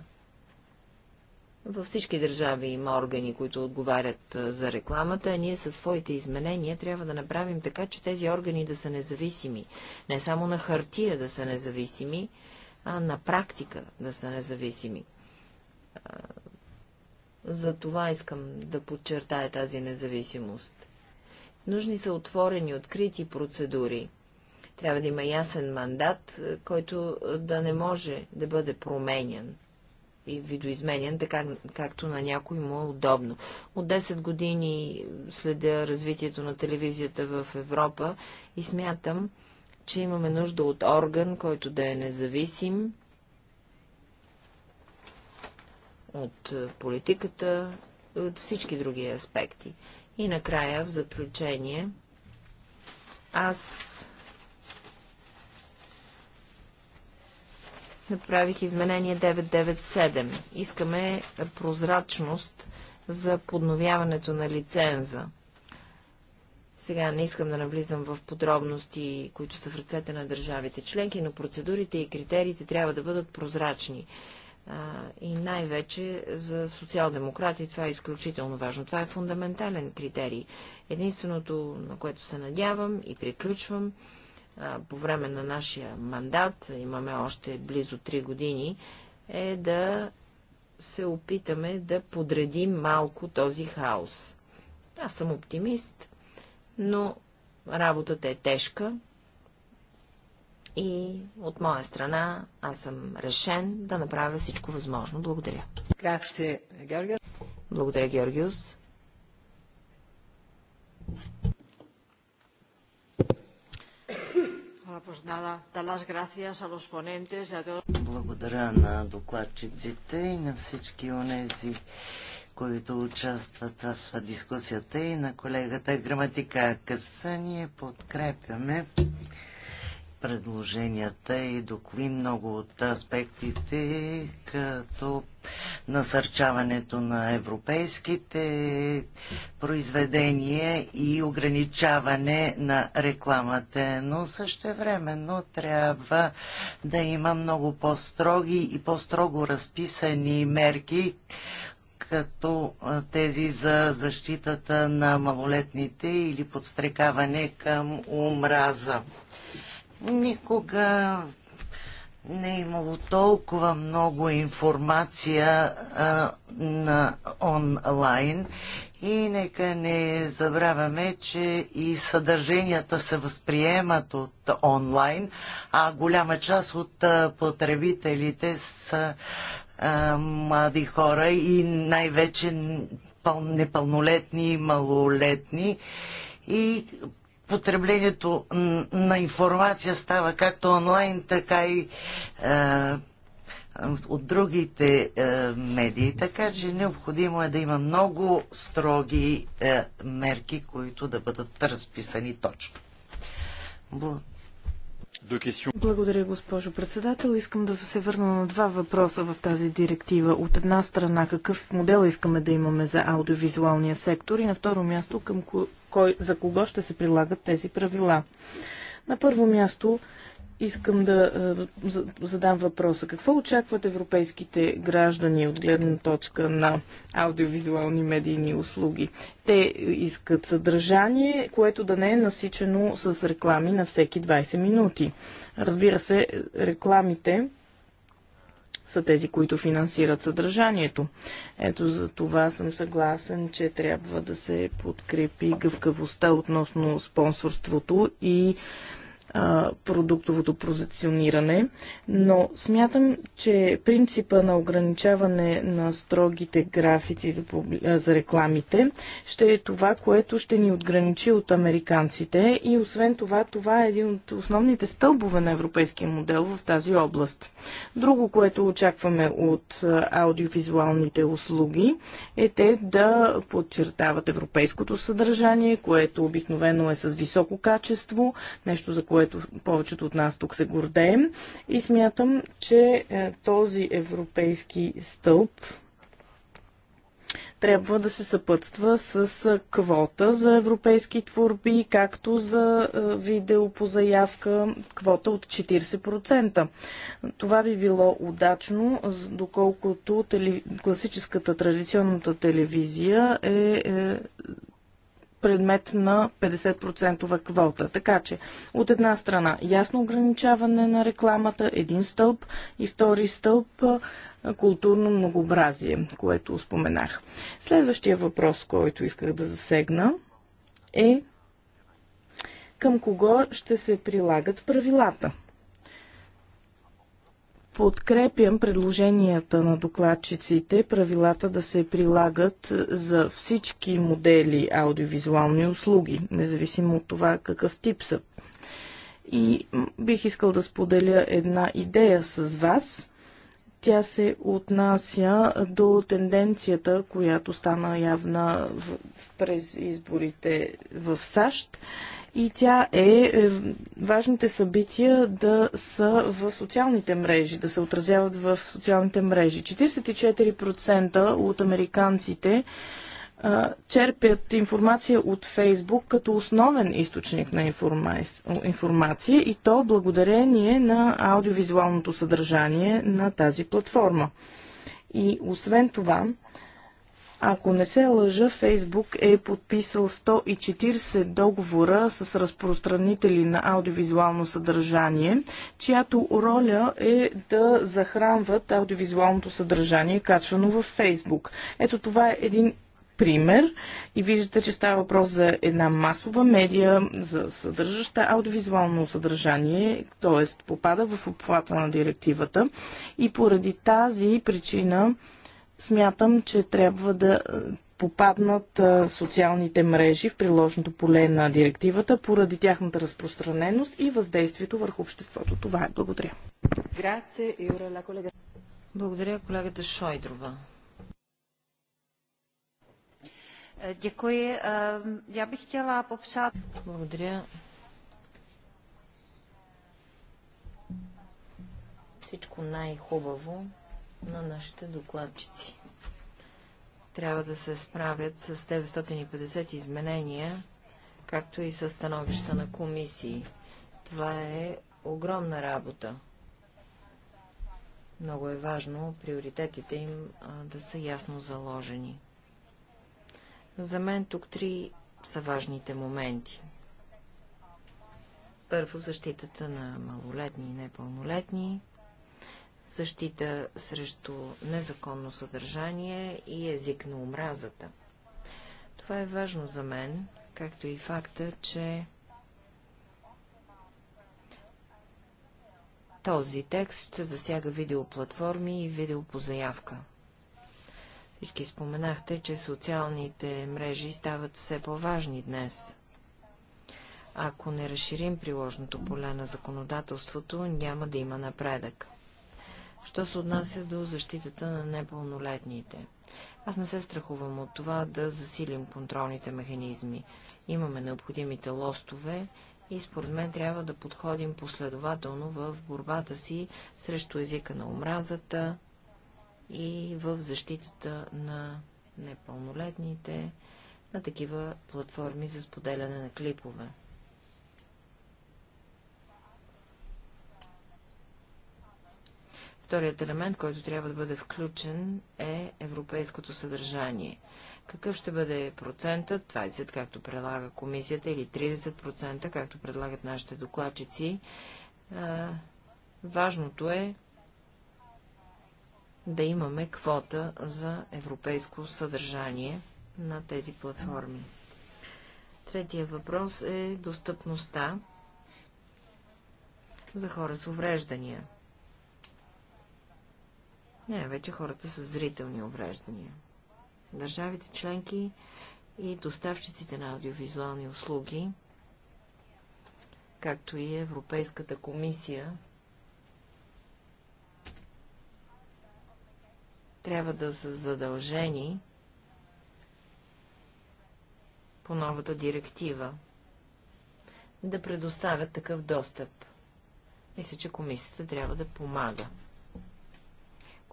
A: Във всички държави има органи, които отговарят за рекламата, а ние със своите изменения трябва да направим така, че тези органи да са независими. Не само на хартия да са независими, а на практика да са независими. За това искам да подчертая тази независимост. Нужни са отворени, открити процедури трябва да има ясен мандат, е, който е, да не може да бъде променен и видоизменен, така както на някой му е удобно. От 10 години следя развитието на телевизията в Европа и смятам, че имаме нужда от орган, който да е независим от е, политиката, от всички други аспекти. И накрая, в заключение, аз направих изменение 997. Искаме прозрачност за подновяването на лиценза. Сега не искам да навлизам в подробности, които са в ръцете на държавите членки, но процедурите и критериите трябва да бъдат прозрачни. и най-вече за социал-демократи това е изключително важно. Това е фундаментален критерий. Единственото, на което се надявам и приключвам, по време на нашия мандат, имаме още близо 3 години, е да се опитаме да подредим малко този хаос. Аз съм оптимист, но работата е тежка и от моя страна аз съм решен да направя всичко възможно. Благодаря. Благодаря, Георгиус. pues nada, las gracias a los ponentes, a todos.
C: Благодаря на докладчиците и на всички онези, които участват в дискусията и на колегата Граматика Къса. подкрепяме предложенията и докли много от аспектите, като насърчаването на европейските произведения и ограничаване на рекламата. Но също времено трябва да има много по-строги и по-строго разписани мерки, като тези за защитата на малолетните или подстрекаване към омраза. Никога не е имало толкова много информация а, на онлайн и нека не забравяме, че и съдържанията се възприемат от онлайн, а голяма част от потребителите са а, млади хора и най-вече непълнолетни и малолетни и потреблението на информация става както онлайн, така и е, от другите е, медии. Така че необходимо е да има много строги е, мерки, които да бъдат разписани точно. Благодаря. Благодаря, госпожо председател. Искам да се върна
B: на два въпроса в тази директива. От една страна, какъв модел искаме да имаме за аудиовизуалния сектор и на второ място, към кой, за кого ще се прилагат тези правила. На първо място, Искам да е, задам въпроса. Какво очакват европейските граждани от гледна точка на аудиовизуални медийни услуги? Те искат съдържание, което да не е насичено с реклами на всеки 20 минути. Разбира се, рекламите са тези, които финансират съдържанието. Ето за това съм съгласен, че трябва да се подкрепи гъвкавостта относно спонсорството и продуктовото прозациониране, но смятам, че принципа на ограничаване на строгите графици за, за рекламите ще е това, което ще ни отграничи от американците и освен това, това е един от основните стълбове на европейския модел в тази област. Друго, което очакваме от аудиовизуалните услуги е те да подчертават европейското съдържание, което обикновено е с високо качество, нещо за което което повечето от нас тук се гордеем. И смятам, че е, този европейски стълб трябва да се съпътства с е, квота за европейски творби, както за е, видео по заявка квота от 40%. Това би било удачно, доколкото класическата традиционната телевизия е предмет на 50% квота. Така че, от една страна, ясно ограничаване на рекламата, един стълб и втори стълб културно многообразие, което споменах. Следващия въпрос, който исках да засегна е към кого ще се прилагат правилата. Подкрепям предложенията на докладчиците правилата да се прилагат за всички модели аудиовизуални услуги, независимо от това какъв тип са. И бих искал да споделя една идея с вас. Тя се отнася до тенденцията, която стана явна през изборите в САЩ и тя е, е важните събития да са в социалните мрежи, да се отразяват в социалните мрежи. 44% от американците черпят информация от Фейсбук като основен източник на информа... информация и то благодарение на аудиовизуалното съдържание на тази платформа. И освен това, ако не се лъжа, Фейсбук е подписал 140 договора с разпространители на аудиовизуално съдържание, чиято роля е да захранват аудиовизуалното съдържание, качвано във Фейсбук. Ето това е един пример и виждате, че става въпрос за една масова медия, за съдържаща аудиовизуално съдържание, т.е. попада в обхвата на директивата и поради тази причина смятам, че трябва да е, попаднат е, социалните мрежи в приложното поле на директивата поради тяхната разпространеност и въздействието върху обществото. Това е. Благодаря.
A: Благодаря, колегата Шойдрова. Děkuji. Já bych chtěla popřát... Благодаря. Всичко най-хубаво на нашите докладчици. Трябва да се справят с 950 изменения, както и с становища на комисии. Това е огромна работа. Много е важно приоритетите им а, да са ясно заложени. За мен тук три са важните моменти. Първо, защитата на малолетни и непълнолетни защита срещу незаконно съдържание и език на омразата. Това е важно за мен, както и факта, че този текст ще засяга видеоплатформи и видеопозаявка. Всички споменахте, че социалните мрежи стават все по-важни днес. Ако не разширим приложното поле на законодателството, няма да има напредък що се отнася до защитата на непълнолетните. Аз не се страхувам от това да засилим контролните механизми. Имаме необходимите лостове и според мен трябва да подходим последователно в борбата си срещу езика на омразата и в защитата на непълнолетните на такива платформи за споделяне на клипове. Вторият елемент, който трябва да бъде включен, е европейското съдържание. Какъв ще бъде процентът, 20, както предлага комисията, или 30%, както предлагат нашите докладчици. важното е да имаме квота за европейско съдържание на тези платформи. Третия въпрос е достъпността за хора с увреждания. Не, вече хората с зрителни увреждания. Държавите членки и доставчиците на аудиовизуални услуги, както и Европейската комисия, трябва да са задължени по новата директива да предоставят такъв достъп. Мисля, че комисията трябва да помага.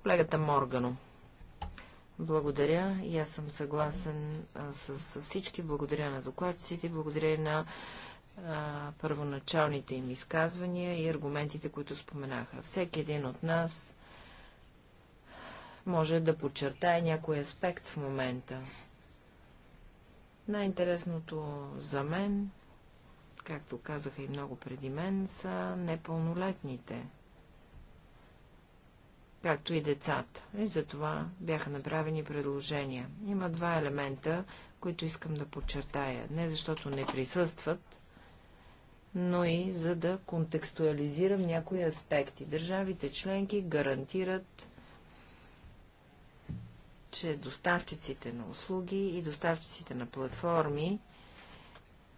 A: Колегата Моргано. Благодаря и аз съм съгласен а, с, всички. Благодаря на докладчиците, благодаря и на а, първоначалните им изказвания и аргументите, които споменаха. Всеки един от нас може да подчертае някой аспект в момента. Най-интересното за мен, както казаха и много преди мен, са непълнолетните – както и децата. И за това бяха направени предложения. Има два елемента, които искам да подчертая. Не защото не присъстват, но и за да контекстуализирам някои аспекти. Държавите членки гарантират, че доставчиците на услуги и доставчиците на платформи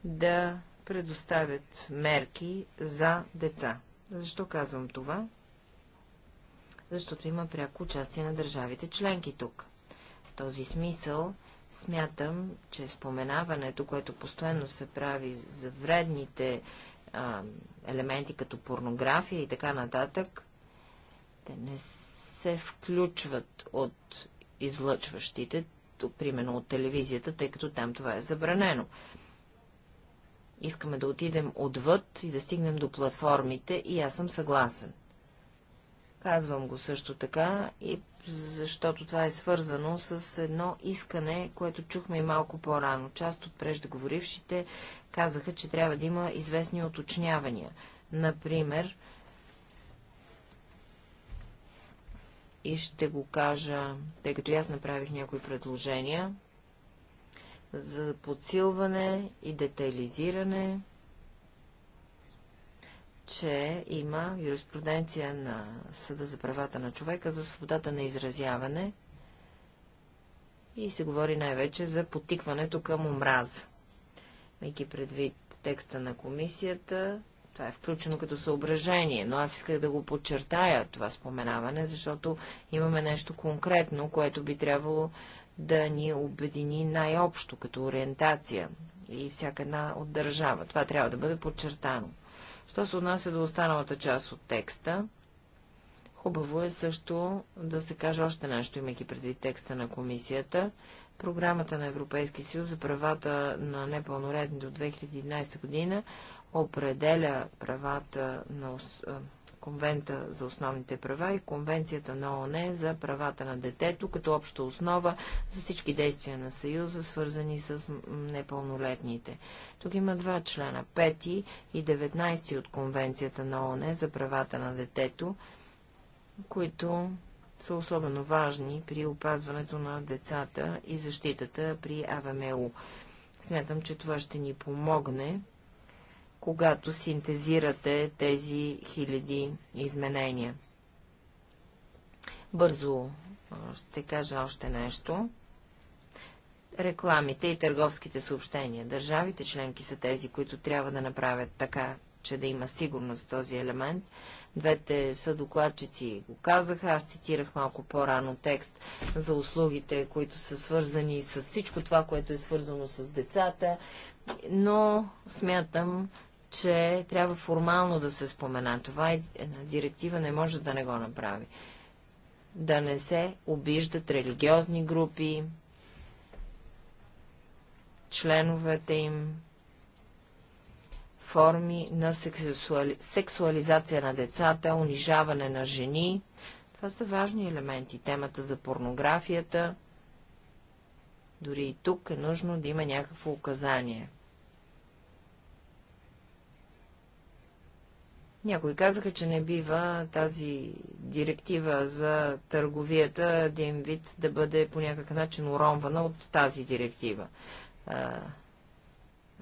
A: да предоставят мерки за деца. Защо казвам това? защото има пряко участие на държавите членки тук. В този смисъл смятам, че споменаването, което постоянно се прави за вредните а, елементи като порнография и така нататък, те не се включват от излъчващите, то, примерно от телевизията, тъй като там това е забранено. Искаме да отидем отвъд и да стигнем до платформите и аз съм съгласен. Казвам го също така и защото това е свързано с едно искане, което чухме и малко по-рано. Част от преждеговорившите казаха, че трябва да има известни уточнявания. Например, и ще го кажа, тъй като аз направих някои предложения за подсилване и детайлизиране че има юриспруденция на Съда за правата на човека за свободата на изразяване и се говори най-вече за потикването към омраза. Мейки предвид текста на комисията, това е включено като съображение, но аз исках да го подчертая това споменаване, защото имаме нещо конкретно, което би трябвало да ни обедини най-общо като ориентация и всяка една от държава. Това трябва да бъде подчертано. Що се отнася до останалата част от текста, хубаво е също да се каже още нещо, имайки преди текста на комисията. Програмата на Европейски съюз за правата на непълнолетни до 2011 година определя правата на Конвента за основните права и Конвенцията на ООН за правата на детето като обща основа за всички действия на Съюза, свързани с непълнолетните. Тук има два члена, 5 и 19 от Конвенцията на ООН за правата на детето, които са особено важни при опазването на децата и защитата при АВМО. Смятам, че това ще ни помогне когато синтезирате тези хиляди изменения. Бързо ще кажа още нещо. Рекламите и търговските съобщения. Държавите членки са тези, които трябва да направят така, че да има сигурност този елемент. Двете са докладчици го казаха, аз цитирах малко по-рано текст за услугите, които са свързани с всичко това, което е свързано с децата, но смятам, че трябва формално да се спомена. Това е, една директива не може да не го направи. Да не се обиждат религиозни групи, членовете им, форми на сексуали... сексуализация на децата, унижаване на жени. Това са важни елементи. Темата за порнографията. Дори и тук е нужно да има някакво указание. Някои казаха, че не бива тази директива за търговията, един вид, да бъде по някакъв начин уронвана от тази директива.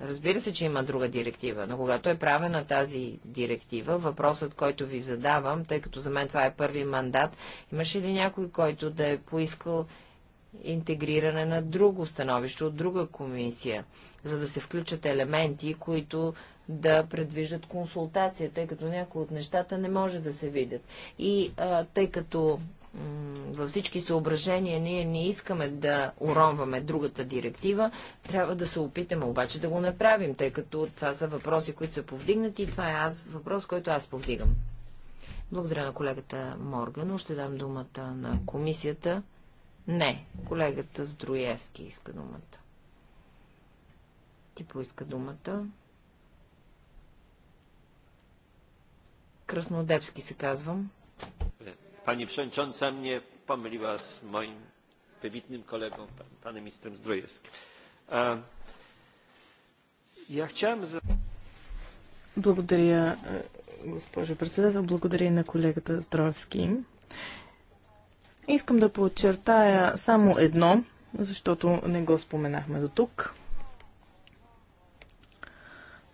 A: Разбира се, че има друга директива, но когато е правена тази директива, въпросът, който ви задавам, тъй като за мен това е първи мандат, имаше ли някой, който да е поискал интегриране на друго становище от друга комисия, за да се включат елементи, които да предвиждат консултация, тъй като някои от нещата не може да се видят. И а, тъй като във всички съображения ние не искаме да уронваме другата директива, трябва да се опитаме обаче да го направим, тъй като това са въпроси, които са повдигнати и това е аз, въпрос, който аз повдигам. Благодаря на колегата Моргано. Ще дам думата на комисията. Не, колегата Здруевски иска думата. Ти поиска думата. Краснодепски се казвам. Pani przewodnicząca mnie pomyliła z moim wybitnym kolegą, panem ministrem Zdrojewskim. E, ja chciałem...
B: Благодаря, е, госпожо председател. Благодаря и на колегата Здравски. Искам да подчертая само едно, защото не го споменахме до тук.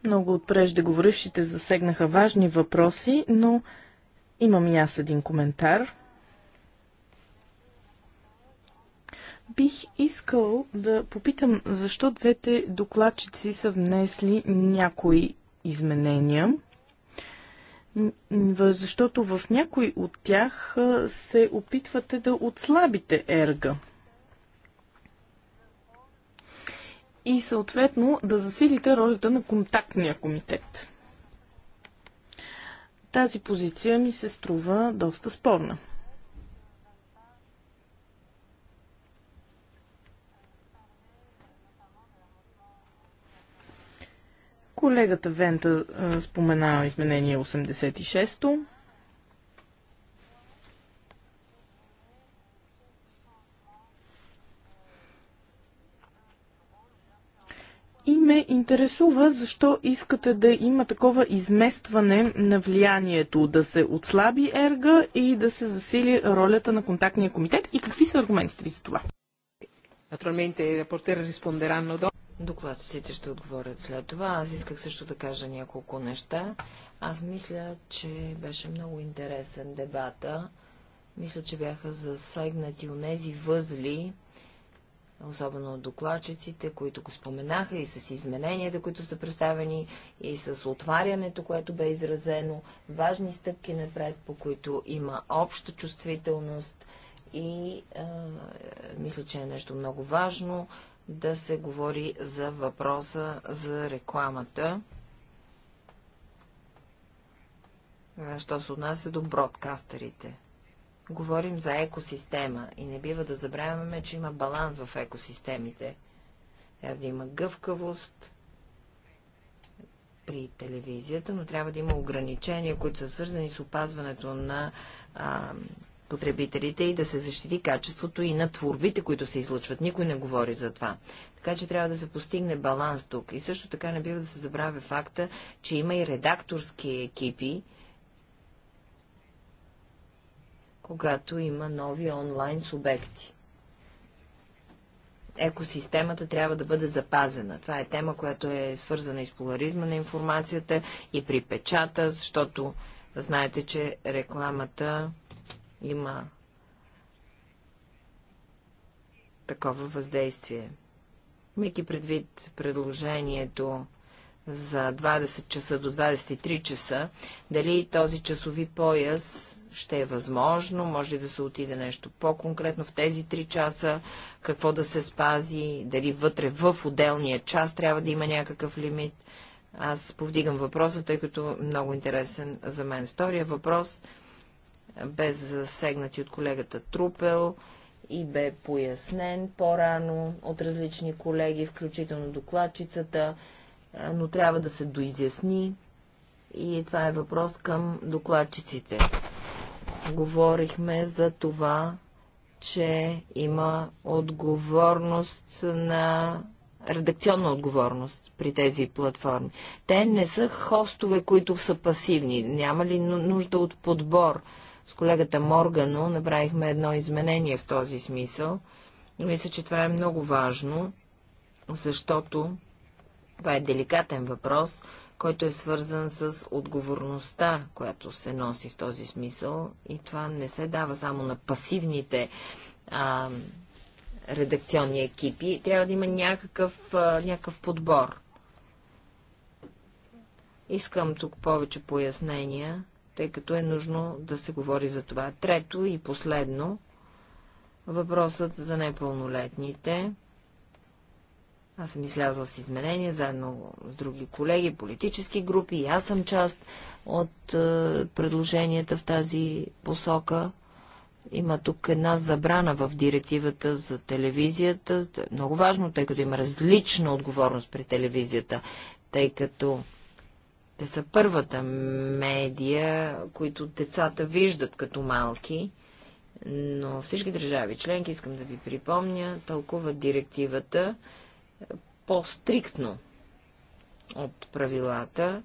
B: Много от преждеговорившите засегнаха важни въпроси, но имам и аз един коментар. Бих искал да попитам защо двете докладчици са внесли някои изменения, защото в някои от тях се опитвате да отслабите ерга – и съответно да засилите ролята на контактния комитет. Тази позиция ми се струва доста спорна. Колегата Вента споменава изменение 86-то. и ме интересува защо искате да има такова изместване на влиянието, да се отслаби ерга и да се засили ролята на контактния комитет и какви са аргументите ви за това?
A: Натуралменте репортери респондеранно до... Докладците ще отговорят след това. Аз исках също да кажа няколко неща. Аз мисля, че беше много интересен дебата. Мисля, че бяха засегнати у нези възли, особено от докладчиците, които го споменаха и с измененията, които са представени и с отварянето, което бе изразено, важни стъпки напред, по които има обща чувствителност и е, мисля, че е нещо много важно да се говори за въпроса за рекламата. Що се отнася до бродкастерите? говорим за екосистема и не бива да забравяме, че има баланс в екосистемите. Трябва да има гъвкавост при телевизията, но трябва да има ограничения, които са свързани с опазването на а, потребителите и да се защити качеството и на творбите, които се излъчват. Никой не говори за това. Така че трябва да се постигне баланс тук. И също така не бива да се забравя факта, че има и редакторски екипи, когато има нови онлайн субекти. Екосистемата трябва да бъде запазена. Това е тема, която е свързана и с поларизма на информацията и при печата, защото знаете, че рекламата има такова въздействие. Мики предвид предложението за 20 часа до 23 часа, дали този часови пояс ще е възможно, може да се отиде нещо по-конкретно в тези 3 часа, какво да се спази, дали вътре в отделния час трябва да има някакъв лимит. Аз повдигам въпроса, тъй като е много интересен за мен. Втория въпрос бе засегнати от колегата Трупел и бе пояснен по-рано от различни колеги, включително докладчицата но трябва да се доизясни и това е въпрос към докладчиците. Говорихме за това, че има отговорност на редакционна отговорност при тези платформи. Те не са хостове, които са пасивни. Няма ли нужда от подбор? С колегата Моргано направихме едно изменение в този смисъл. Мисля, че това е много важно, защото това е деликатен въпрос, който е свързан с отговорността, която се носи в този смисъл. И това не се дава само на пасивните а, редакционни екипи. Трябва да има някакъв, а, някакъв подбор. Искам тук повече пояснения, тъй като е нужно да се говори за това. Трето и последно, въпросът за непълнолетните. Аз съм излязла с изменения заедно с други колеги, политически групи и аз съм част от е, предложенията в тази посока. Има тук една забрана в директивата за телевизията. Е много важно, тъй като има различна отговорност при телевизията, тъй като те са първата медия, които децата виждат като малки, но всички държави членки, искам да ви припомня, тълкуват директивата по-стриктно от правилата,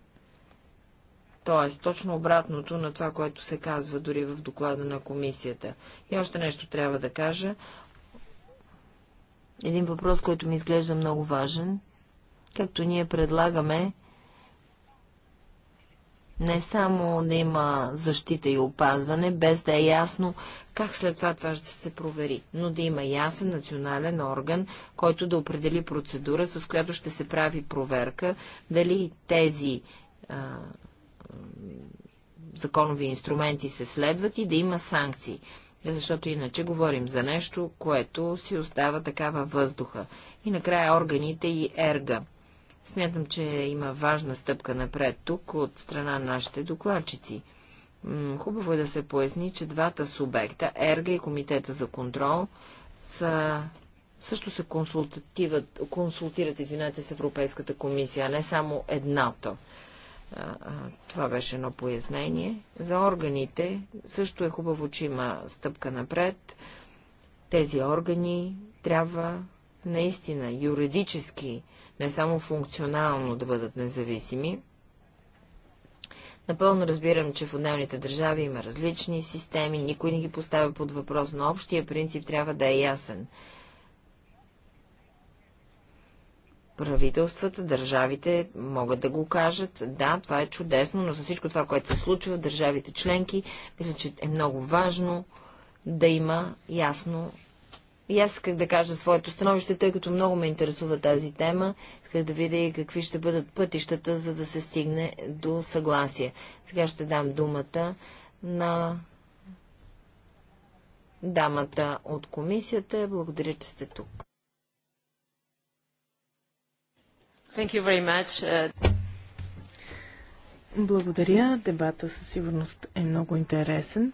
A: т.е. точно обратното на това, което се казва дори в доклада на комисията. И още нещо трябва да кажа. Един въпрос, който ми изглежда много важен, както ние предлагаме не само да има защита и опазване, без да е ясно как след това това ще се провери, но да има ясен национален орган, който да определи процедура, с която ще се прави проверка, дали тези а, законови инструменти се следват и да има санкции. Защото иначе говорим за нещо, което си остава такава въздуха. И накрая органите и ерга. Смятам, че има важна стъпка напред тук от страна на нашите докладчици. Хубаво е да се поясни, че двата субекта, ЕРГА и Комитета за контрол, са, също се консултират, консултират извинете, с Европейската комисия, а не само едната. Това беше едно пояснение. За органите също е хубаво, че има стъпка напред. Тези органи трябва наистина юридически, не само функционално да бъдат независими. Напълно разбирам, че в отделните държави има различни системи, никой не ги поставя под въпрос, но общия принцип трябва да е ясен. правителствата, държавите могат да го кажат. Да, това е чудесно, но за всичко това, което се случва в държавите членки, мисля, че е много важно да има ясно и аз исках да кажа своето становище, тъй като много ме интересува тази тема. Исках да видя и какви ще бъдат пътищата, за да се стигне до съгласие. Сега ще дам думата на дамата от комисията. Благодаря, че сте тук. Thank you very much. Uh, Благодаря.
B: Дебата със сигурност е много интересен.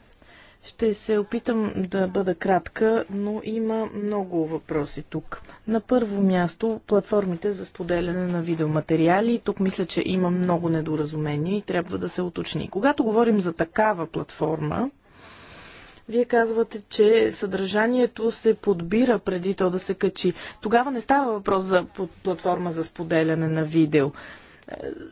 B: Ще се опитам да бъда кратка, но има много въпроси тук. На първо място платформите за споделяне на видеоматериали. Тук мисля, че има много недоразумения и трябва да се уточни. Когато говорим за такава платформа, вие казвате, че съдържанието се подбира преди то да се качи. Тогава не става въпрос за платформа за споделяне на видео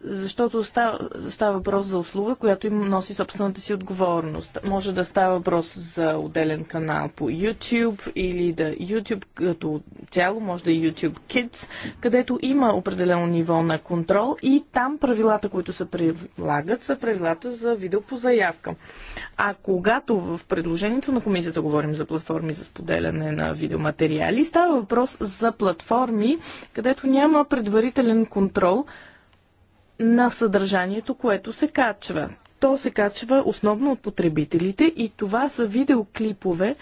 B: защото става, става въпрос за услуга, която им носи собствената си отговорност. Може да става въпрос за отделен канал по YouTube или да YouTube като цяло, може да и е YouTube Kids, където има определено ниво на контрол и там правилата, които се прилагат, са правилата за видео по заявка. А когато в предложението на комисията говорим за платформи за споделяне на видеоматериали, става въпрос за платформи, където няма предварителен контрол, на съдържанието, което се качва. То се качва основно от потребителите и това са видеоклипове,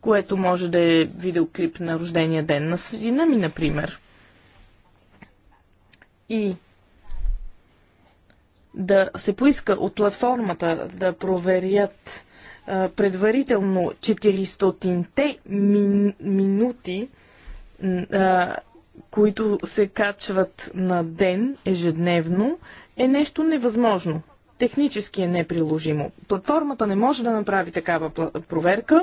B: което може да е видеоклип на рождения ден на сина ми, например. И да се поиска от платформата да проверят а, предварително 400-те минути а, които се качват на ден ежедневно, е нещо невъзможно. Технически е неприложимо. Платформата не може да направи такава проверка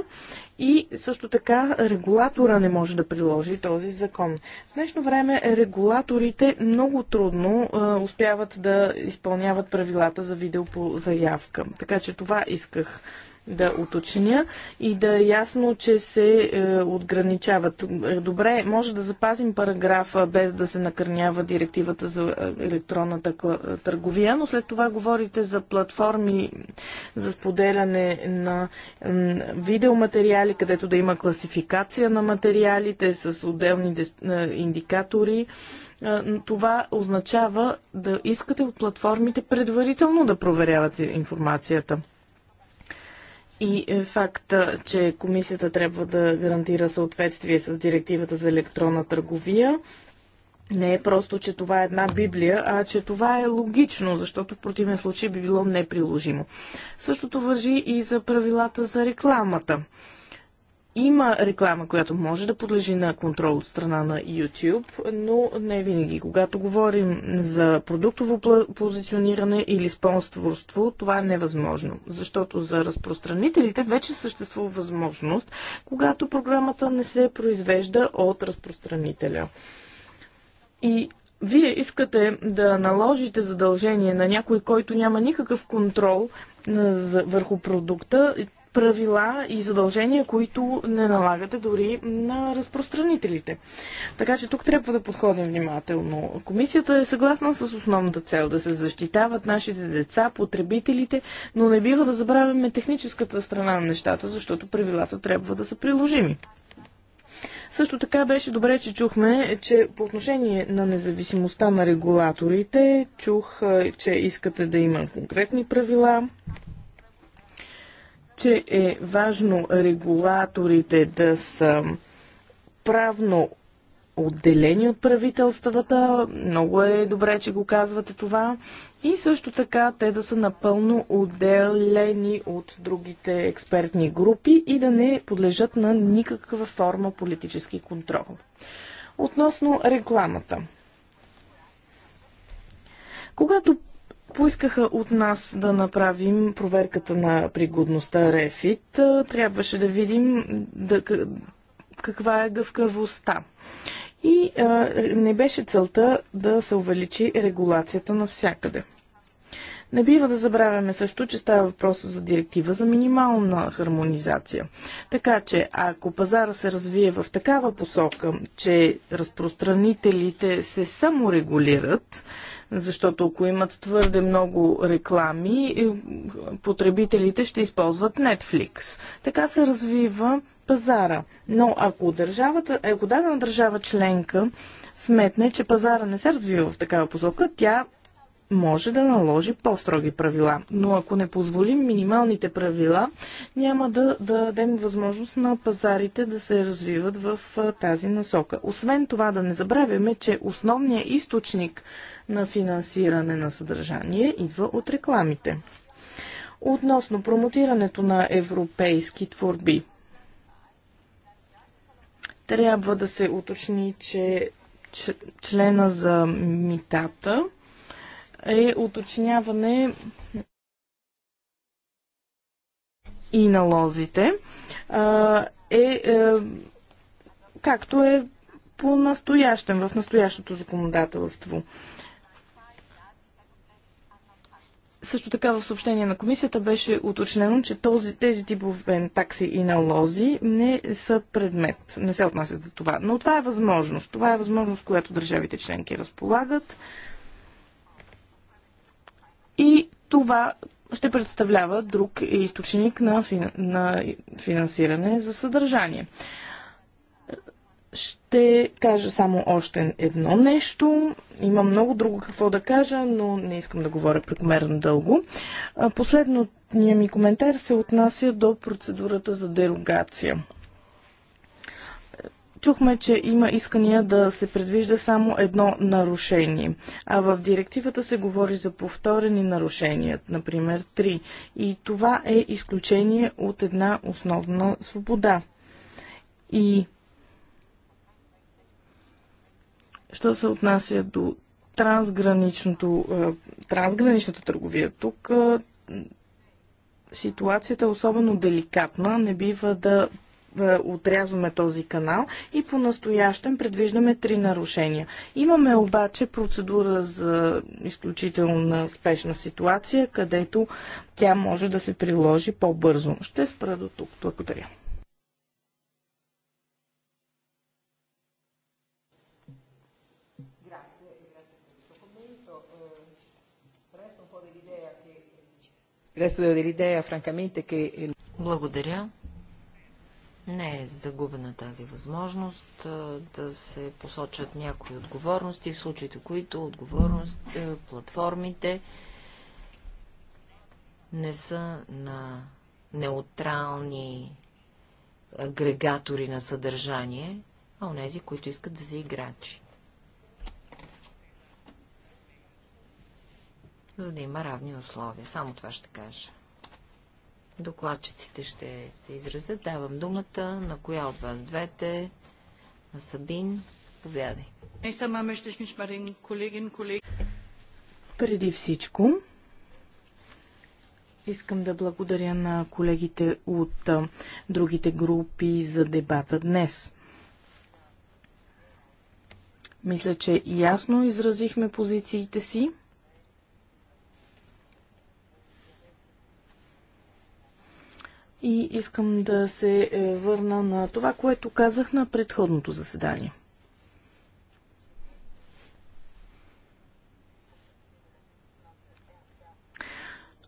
B: и също така регулатора не може да приложи този закон. В днешно време регулаторите много трудно а, успяват да изпълняват правилата за видео по заявка. Така че това исках да уточня и да е ясно, че се е, отграничават. Добре, може да запазим параграфа без да се накърнява директивата за е, електронната е, търговия, но след това говорите за платформи за споделяне на видеоматериали, където да има класификация на материалите с отделни е, индикатори това означава да искате от платформите предварително да проверявате информацията и е, факта, че комисията трябва да гарантира съответствие с директивата за електронна търговия. Не е просто, че това е една Библия, а че това е логично, защото в противен случай би било неприложимо. Същото въжи и за правилата за рекламата има реклама, която може да подлежи на контрол от страна на YouTube, но не винаги. Когато говорим за продуктово позициониране или спонсорство, това е невъзможно, защото за разпространителите вече съществува възможност, когато програмата не се произвежда от разпространителя. И вие искате да наложите задължение на някой, който няма никакъв контрол върху продукта, правила и задължения, които не налагате дори на разпространителите. Така че тук трябва да подходим внимателно. Комисията е съгласна с основната цел да се защитават нашите деца, потребителите, но не бива да забравяме техническата страна на нещата, защото правилата трябва да са приложими. Също така беше добре, че чухме, че по отношение на независимостта на регулаторите, чух, е, че искате да има конкретни правила че е важно регулаторите да са правно отделени от правителствата. Много е добре, че го казвате това. И също така те да са напълно отделени от другите експертни групи и да не подлежат на никаква форма политически контрол. Относно рекламата. Когато Поискаха от нас да направим проверката на пригодността Рефит. Трябваше да видим да, каква е гъвкавостта. И а, не беше целта да се увеличи регулацията навсякъде. Не бива да забравяме също, че става въпрос за директива за минимална хармонизация. Така че, ако пазара се развие в такава посока, че разпространителите се саморегулират, защото ако имат твърде много реклами, е, потребителите ще използват Netflix. Така се развива пазара. Но ако, държавата, ако дадена държава членка сметне, че пазара не се развива в такава посока, тя може да наложи по-строги правила. Но ако не позволим минималните правила, няма да, да дадем възможност на пазарите да се развиват в тази насока. Освен това, да не забравяме, че основният източник на финансиране на съдържание идва от рекламите. Относно промотирането на европейски творби. Трябва да се уточни, че члена за митата е уточняване и на лозите е, е както е по настоящен в настоящото законодателство. Също така в съобщение на комисията беше уточнено, че този, тези типове такси и налози не са предмет, не се отнасят за това. Но това е възможност. Това е възможност, която държавите членки разполагат. И това ще представлява друг източник на, фин... на финансиране за съдържание. Ще кажа само още едно нещо. Има много друго какво да кажа, но не искам да говоря прекомерно дълго. Последният ми коментар се отнася до процедурата за дерогация. Чухме, че има искания да се предвижда само едно нарушение, а в директивата се говори за повторени нарушения, например три. И това е изключение от една основна свобода. И Що се отнася до трансграничното, е, трансграничната търговия, тук е, ситуацията е особено деликатна. Не бива да е, отрязваме този канал и по-настоящем предвиждаме три нарушения. Имаме обаче процедура за изключителна спешна ситуация, където тя може да се приложи по-бързо. Ще спра до тук. Благодаря.
A: Благодаря. Не е загубена тази възможност да се посочат някои отговорности, в случаите които отговорност, е, платформите не са на неутрални агрегатори на съдържание, а у нези, които искат да са играчи. за да има равни условия. Само това ще кажа. Докладчиците ще се изразят. Давам думата на коя от вас двете, на Сабин. Повядай. Преди
B: всичко, искам да благодаря на колегите от другите групи за дебата днес. Мисля, че ясно изразихме позициите си И искам да се е, върна на това, което казах на предходното заседание.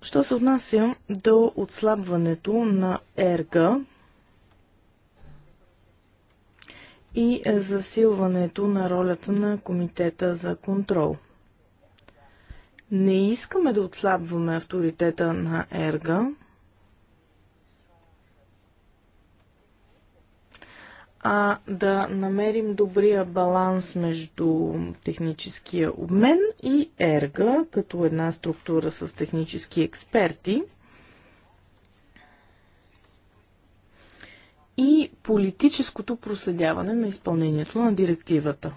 B: Що се отнася до отслабването на ерга и е, засилването на ролята на Комитета за контрол. Не искаме да отслабваме авторитета на ерга, а да намерим добрия баланс между техническия обмен и ЕРГА, като една структура с технически експерти и политическото проследяване на изпълнението на директивата.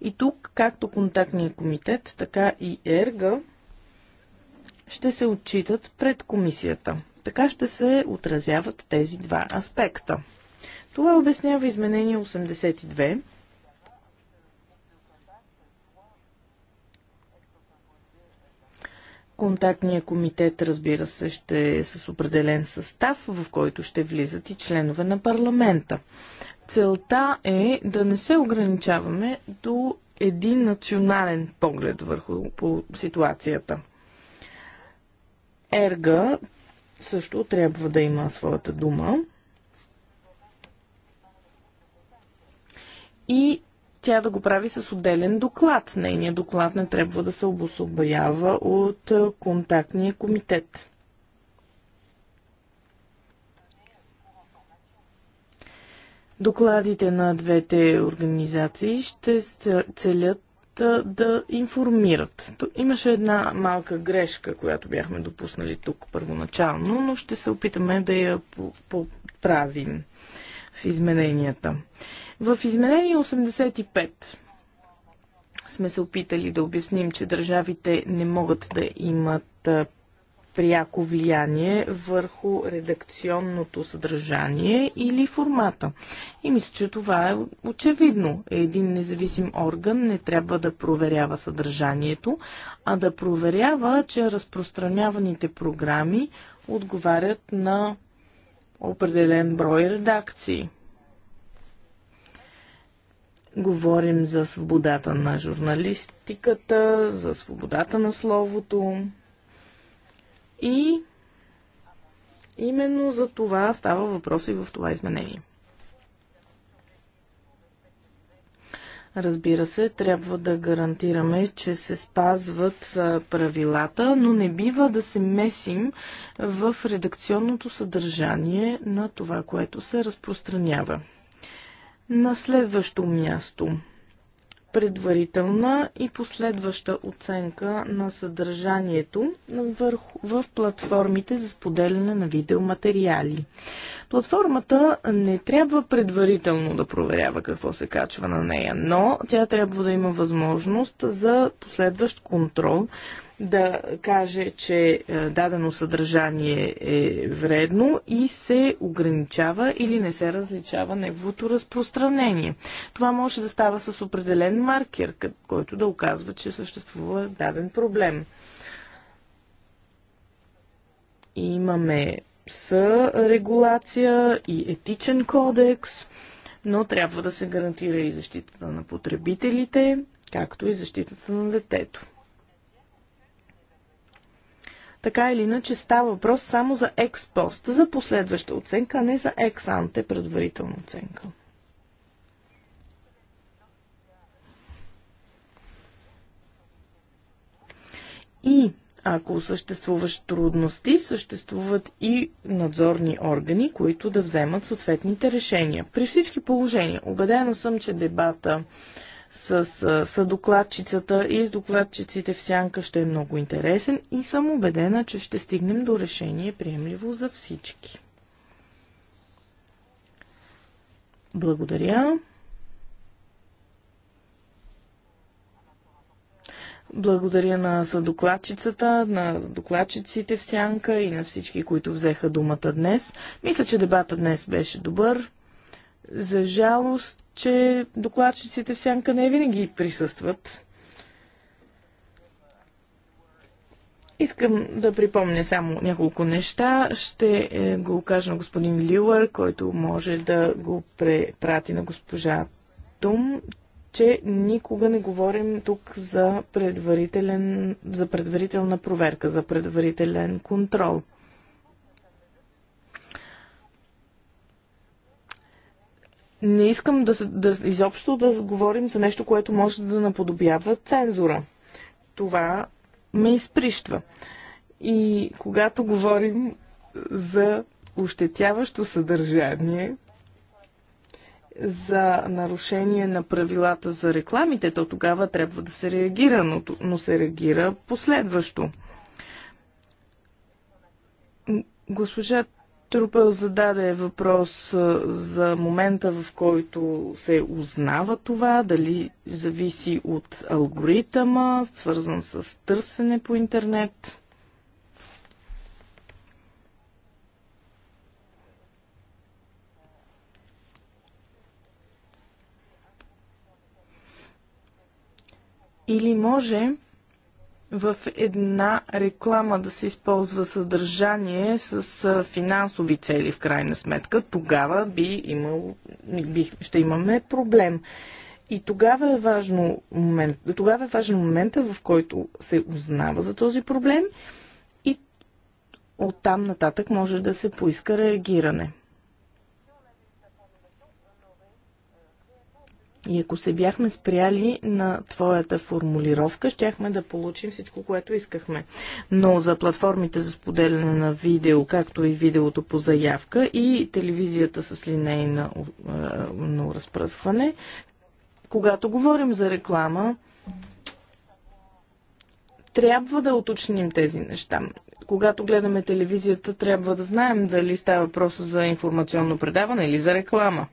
B: И тук, както контактния комитет, така и ЕРГА ще се отчитат пред комисията. Така ще се отразяват тези два аспекта. Това обяснява изменение 82. Контактният комитет, разбира се, ще е с определен състав, в който ще влизат и членове на парламента. Целта е да не се ограничаваме до един национален поглед върху по ситуацията. Ерга също трябва да има своята дума. и тя да го прави с отделен доклад. Нейният доклад не трябва да се обособява от контактния комитет. Докладите на двете организации ще целят да информират. Имаше една малка грешка, която бяхме допуснали тук първоначално, но ще се опитаме да я поправим в измененията. В изменение 85 сме се опитали да обясним, че държавите не могат да имат пряко влияние върху редакционното съдържание или формата. И мисля, че това е очевидно. Един независим орган не трябва да проверява съдържанието, а да проверява, че разпространяваните програми отговарят на определен брой редакции. Говорим за свободата на журналистиката, за свободата на словото. И именно за това става въпрос и в това изменение. Разбира се, трябва да гарантираме, че се спазват правилата, но не бива да се месим в редакционното съдържание на това, което се разпространява. На следващо място предварителна и последваща оценка на съдържанието в платформите за споделяне на видеоматериали. Платформата не трябва предварително да проверява какво се качва на нея, но тя трябва да има възможност за последващ контрол да каже, че е, дадено съдържание е вредно и се ограничава или не се различава неговото разпространение. Това може да става с определен маркер, който да оказва, че съществува даден проблем. имаме с регулация и етичен кодекс, но трябва да се гарантира и защитата на потребителите, както и защитата на детето така или иначе става въпрос само за експост, за последваща оценка, а не за ексанте предварителна оценка. И ако съществуваш трудности, съществуват и надзорни органи, които да вземат съответните решения. При всички положения, убедена съм, че дебата с съдокладчицата и с докладчиците в сянка ще е много интересен и съм убедена, че ще стигнем до решение приемливо за всички. Благодаря. Благодаря на съдокладчицата, на докладчиците в Сянка и на всички, които взеха думата днес. Мисля, че дебата днес беше добър. За жалост, че докладчиците в сянка не винаги присъстват. Искам да припомня само няколко неща. Ще е, го кажа на господин Лилър, който може да го препрати на госпожа Тум, че никога не говорим тук за, предварителен, за предварителна проверка, за предварителен контрол. Не искам да, да изобщо да говорим за нещо, което може да наподобява цензура. Това ме изприщва. И когато говорим за ощетяващо съдържание, за нарушение на правилата за рекламите, то тогава трябва да се реагира, но, но се реагира последващо. Госпожа Трупел зададе въпрос за момента, в който се узнава това, дали зависи от алгоритъма, свързан с търсене по интернет. Или може в една реклама да се използва съдържание с финансови цели в крайна сметка, тогава би имал, би, ще имаме проблем. И тогава е, важно момент, тогава е важен момента, в който се узнава за този проблем и оттам нататък може да се поиска реагиране. И ако се бяхме спряли на твоята формулировка, щяхме да получим всичко, което искахме. Но за платформите за споделяне на видео, както и видеото по заявка и телевизията с линейно на е, е, разпръскване, когато говорим за реклама, трябва да уточним тези неща когато гледаме телевизията, трябва да знаем дали става въпрос за информационно предаване или за реклама.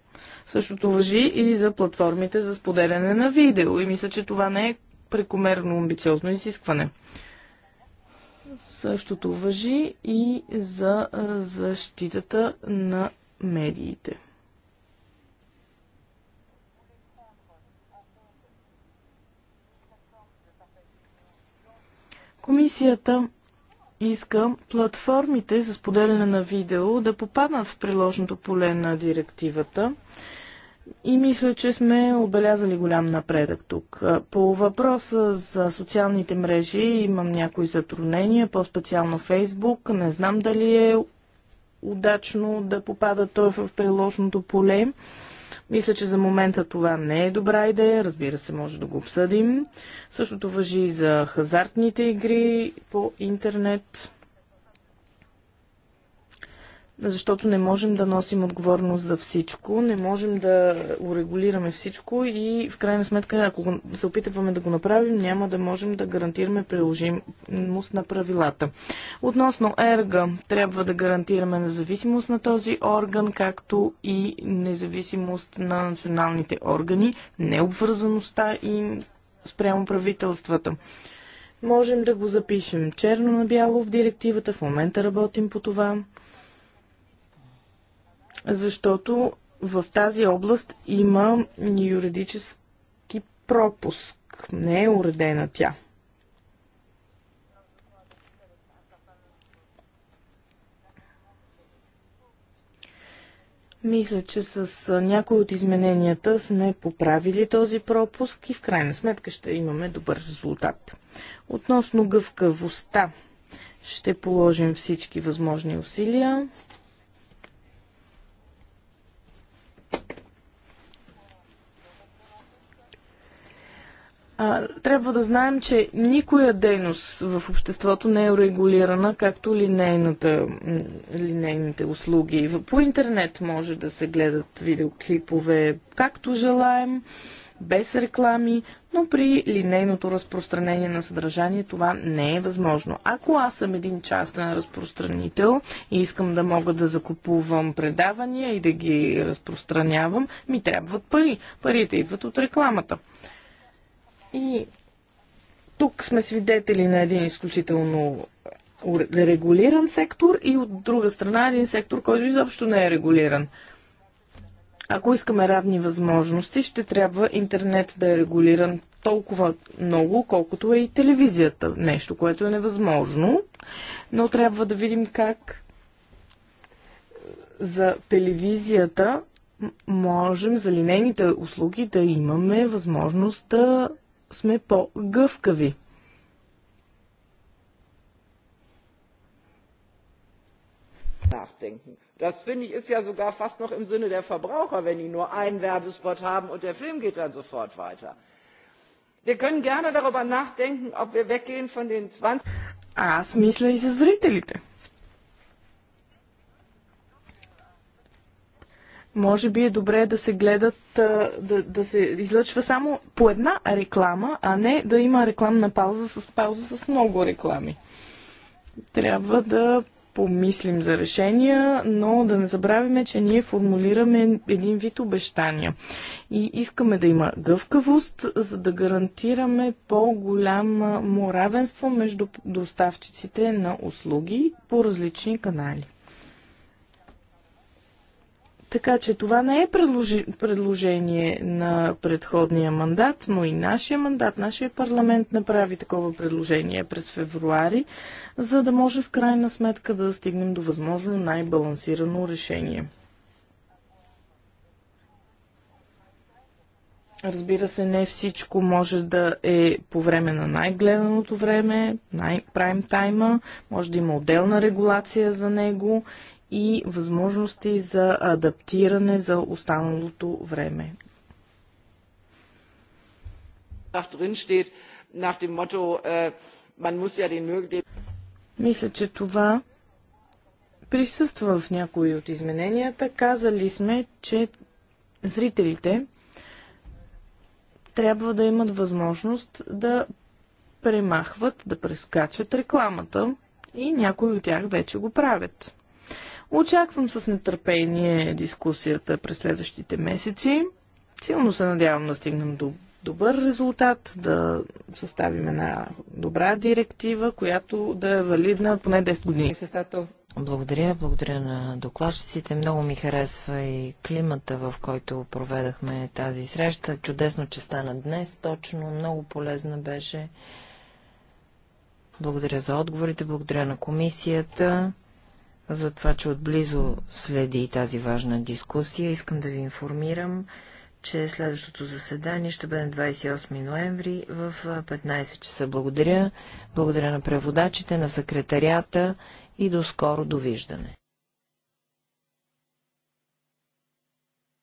B: Същото въжи и за платформите за споделяне на видео и мисля, че това не е прекомерно амбициозно изискване. Същото въжи и за защитата на медиите. Комисията искам платформите за споделяне на видео да попаднат в приложното поле на директивата. И мисля, че сме обелязали голям напредък тук. По въпроса за социалните мрежи имам някои затруднения, по-специално Фейсбук. Не знам дали е удачно да попада той в приложното поле. Мисля, че за момента това не е добра идея, разбира се, може да го обсъдим. Същото въжи и за хазартните игри по интернет защото не можем да носим отговорност за всичко, не можем да урегулираме всичко и в крайна сметка, ако се опитваме да го направим, няма да можем да гарантираме приложимост на правилата. Относно ЕРГА, трябва да гарантираме независимост на този орган, както и независимост на националните органи, необвързаността им спрямо правителствата. Можем да го запишем черно на бяло в директивата, в момента работим по това защото в тази област има юридически пропуск. Не е уредена тя. Мисля, че с някои от измененията сме поправили този пропуск и в крайна сметка ще имаме добър резултат. Относно гъвкавостта, ще положим всички възможни усилия. а, трябва да знаем, че никоя дейност в обществото не е регулирана, както линейната, линейните услуги. По интернет може да се гледат видеоклипове както желаем, без реклами, но при линейното разпространение на съдържание това не е възможно. Ако аз съм един частен разпространител и искам да мога да закупувам предавания и да ги разпространявам, ми трябват пари. Парите идват от рекламата. И тук сме свидетели на един изключително регулиран сектор и от друга страна един сектор, който изобщо не е регулиран. Ако искаме равни възможности, ще трябва интернет да е регулиран толкова много, колкото е и телевизията. Нещо, което е невъзможно, но трябва да видим как за телевизията можем за линейните услуги да имаме възможност да сме по-гъвкави. Das finde ich ist ja sogar fast noch im Sinne der Verbraucher, wenn die nur einen Werbespot haben und der Film geht dann sofort weiter. Wir können gerne darüber nachdenken, ob wir weggehen von den 20. Аз мисля и за зрителите. може би е добре да се гледат, да, да се излъчва само по една реклама, а не да има рекламна пауза с пауза с много реклами. Трябва да помислим за решения, но да не забравяме, че ние формулираме един вид обещания. И искаме да има гъвкавост, за да гарантираме по-голямо равенство между доставчиците на услуги по различни канали. Така че това не е предложение на предходния мандат, но и нашия мандат, нашия парламент направи такова предложение през февруари, за да може в крайна сметка да стигнем до възможно най-балансирано решение. Разбира се, не всичко може да е по време на най-гледаното време, най-прайм тайма, може да има отделна регулация за него и възможности за адаптиране за останалото време. Äh, Мисля, че това присъства в някои от измененията. Казали сме, че зрителите трябва да имат възможност да премахват, да прескачат рекламата и някои от тях вече го правят. Очаквам с нетърпение дискусията през следващите месеци. Силно се надявам да стигнем до добър резултат, да съставим една
A: добра директива, която да е валидна поне 10 години. Благодаря, благодаря на докладчиците. Много ми харесва и климата, в който проведахме тази среща. Чудесно, че стана днес. Точно, много полезна беше. Благодаря за отговорите, благодаря на комисията за това, че отблизо следи тази важна дискусия. Искам да ви информирам, че следващото заседание ще бъде 28 ноември в 15 часа. Благодаря. Благодаря на преводачите, на секретарията
C: и до скоро довиждане.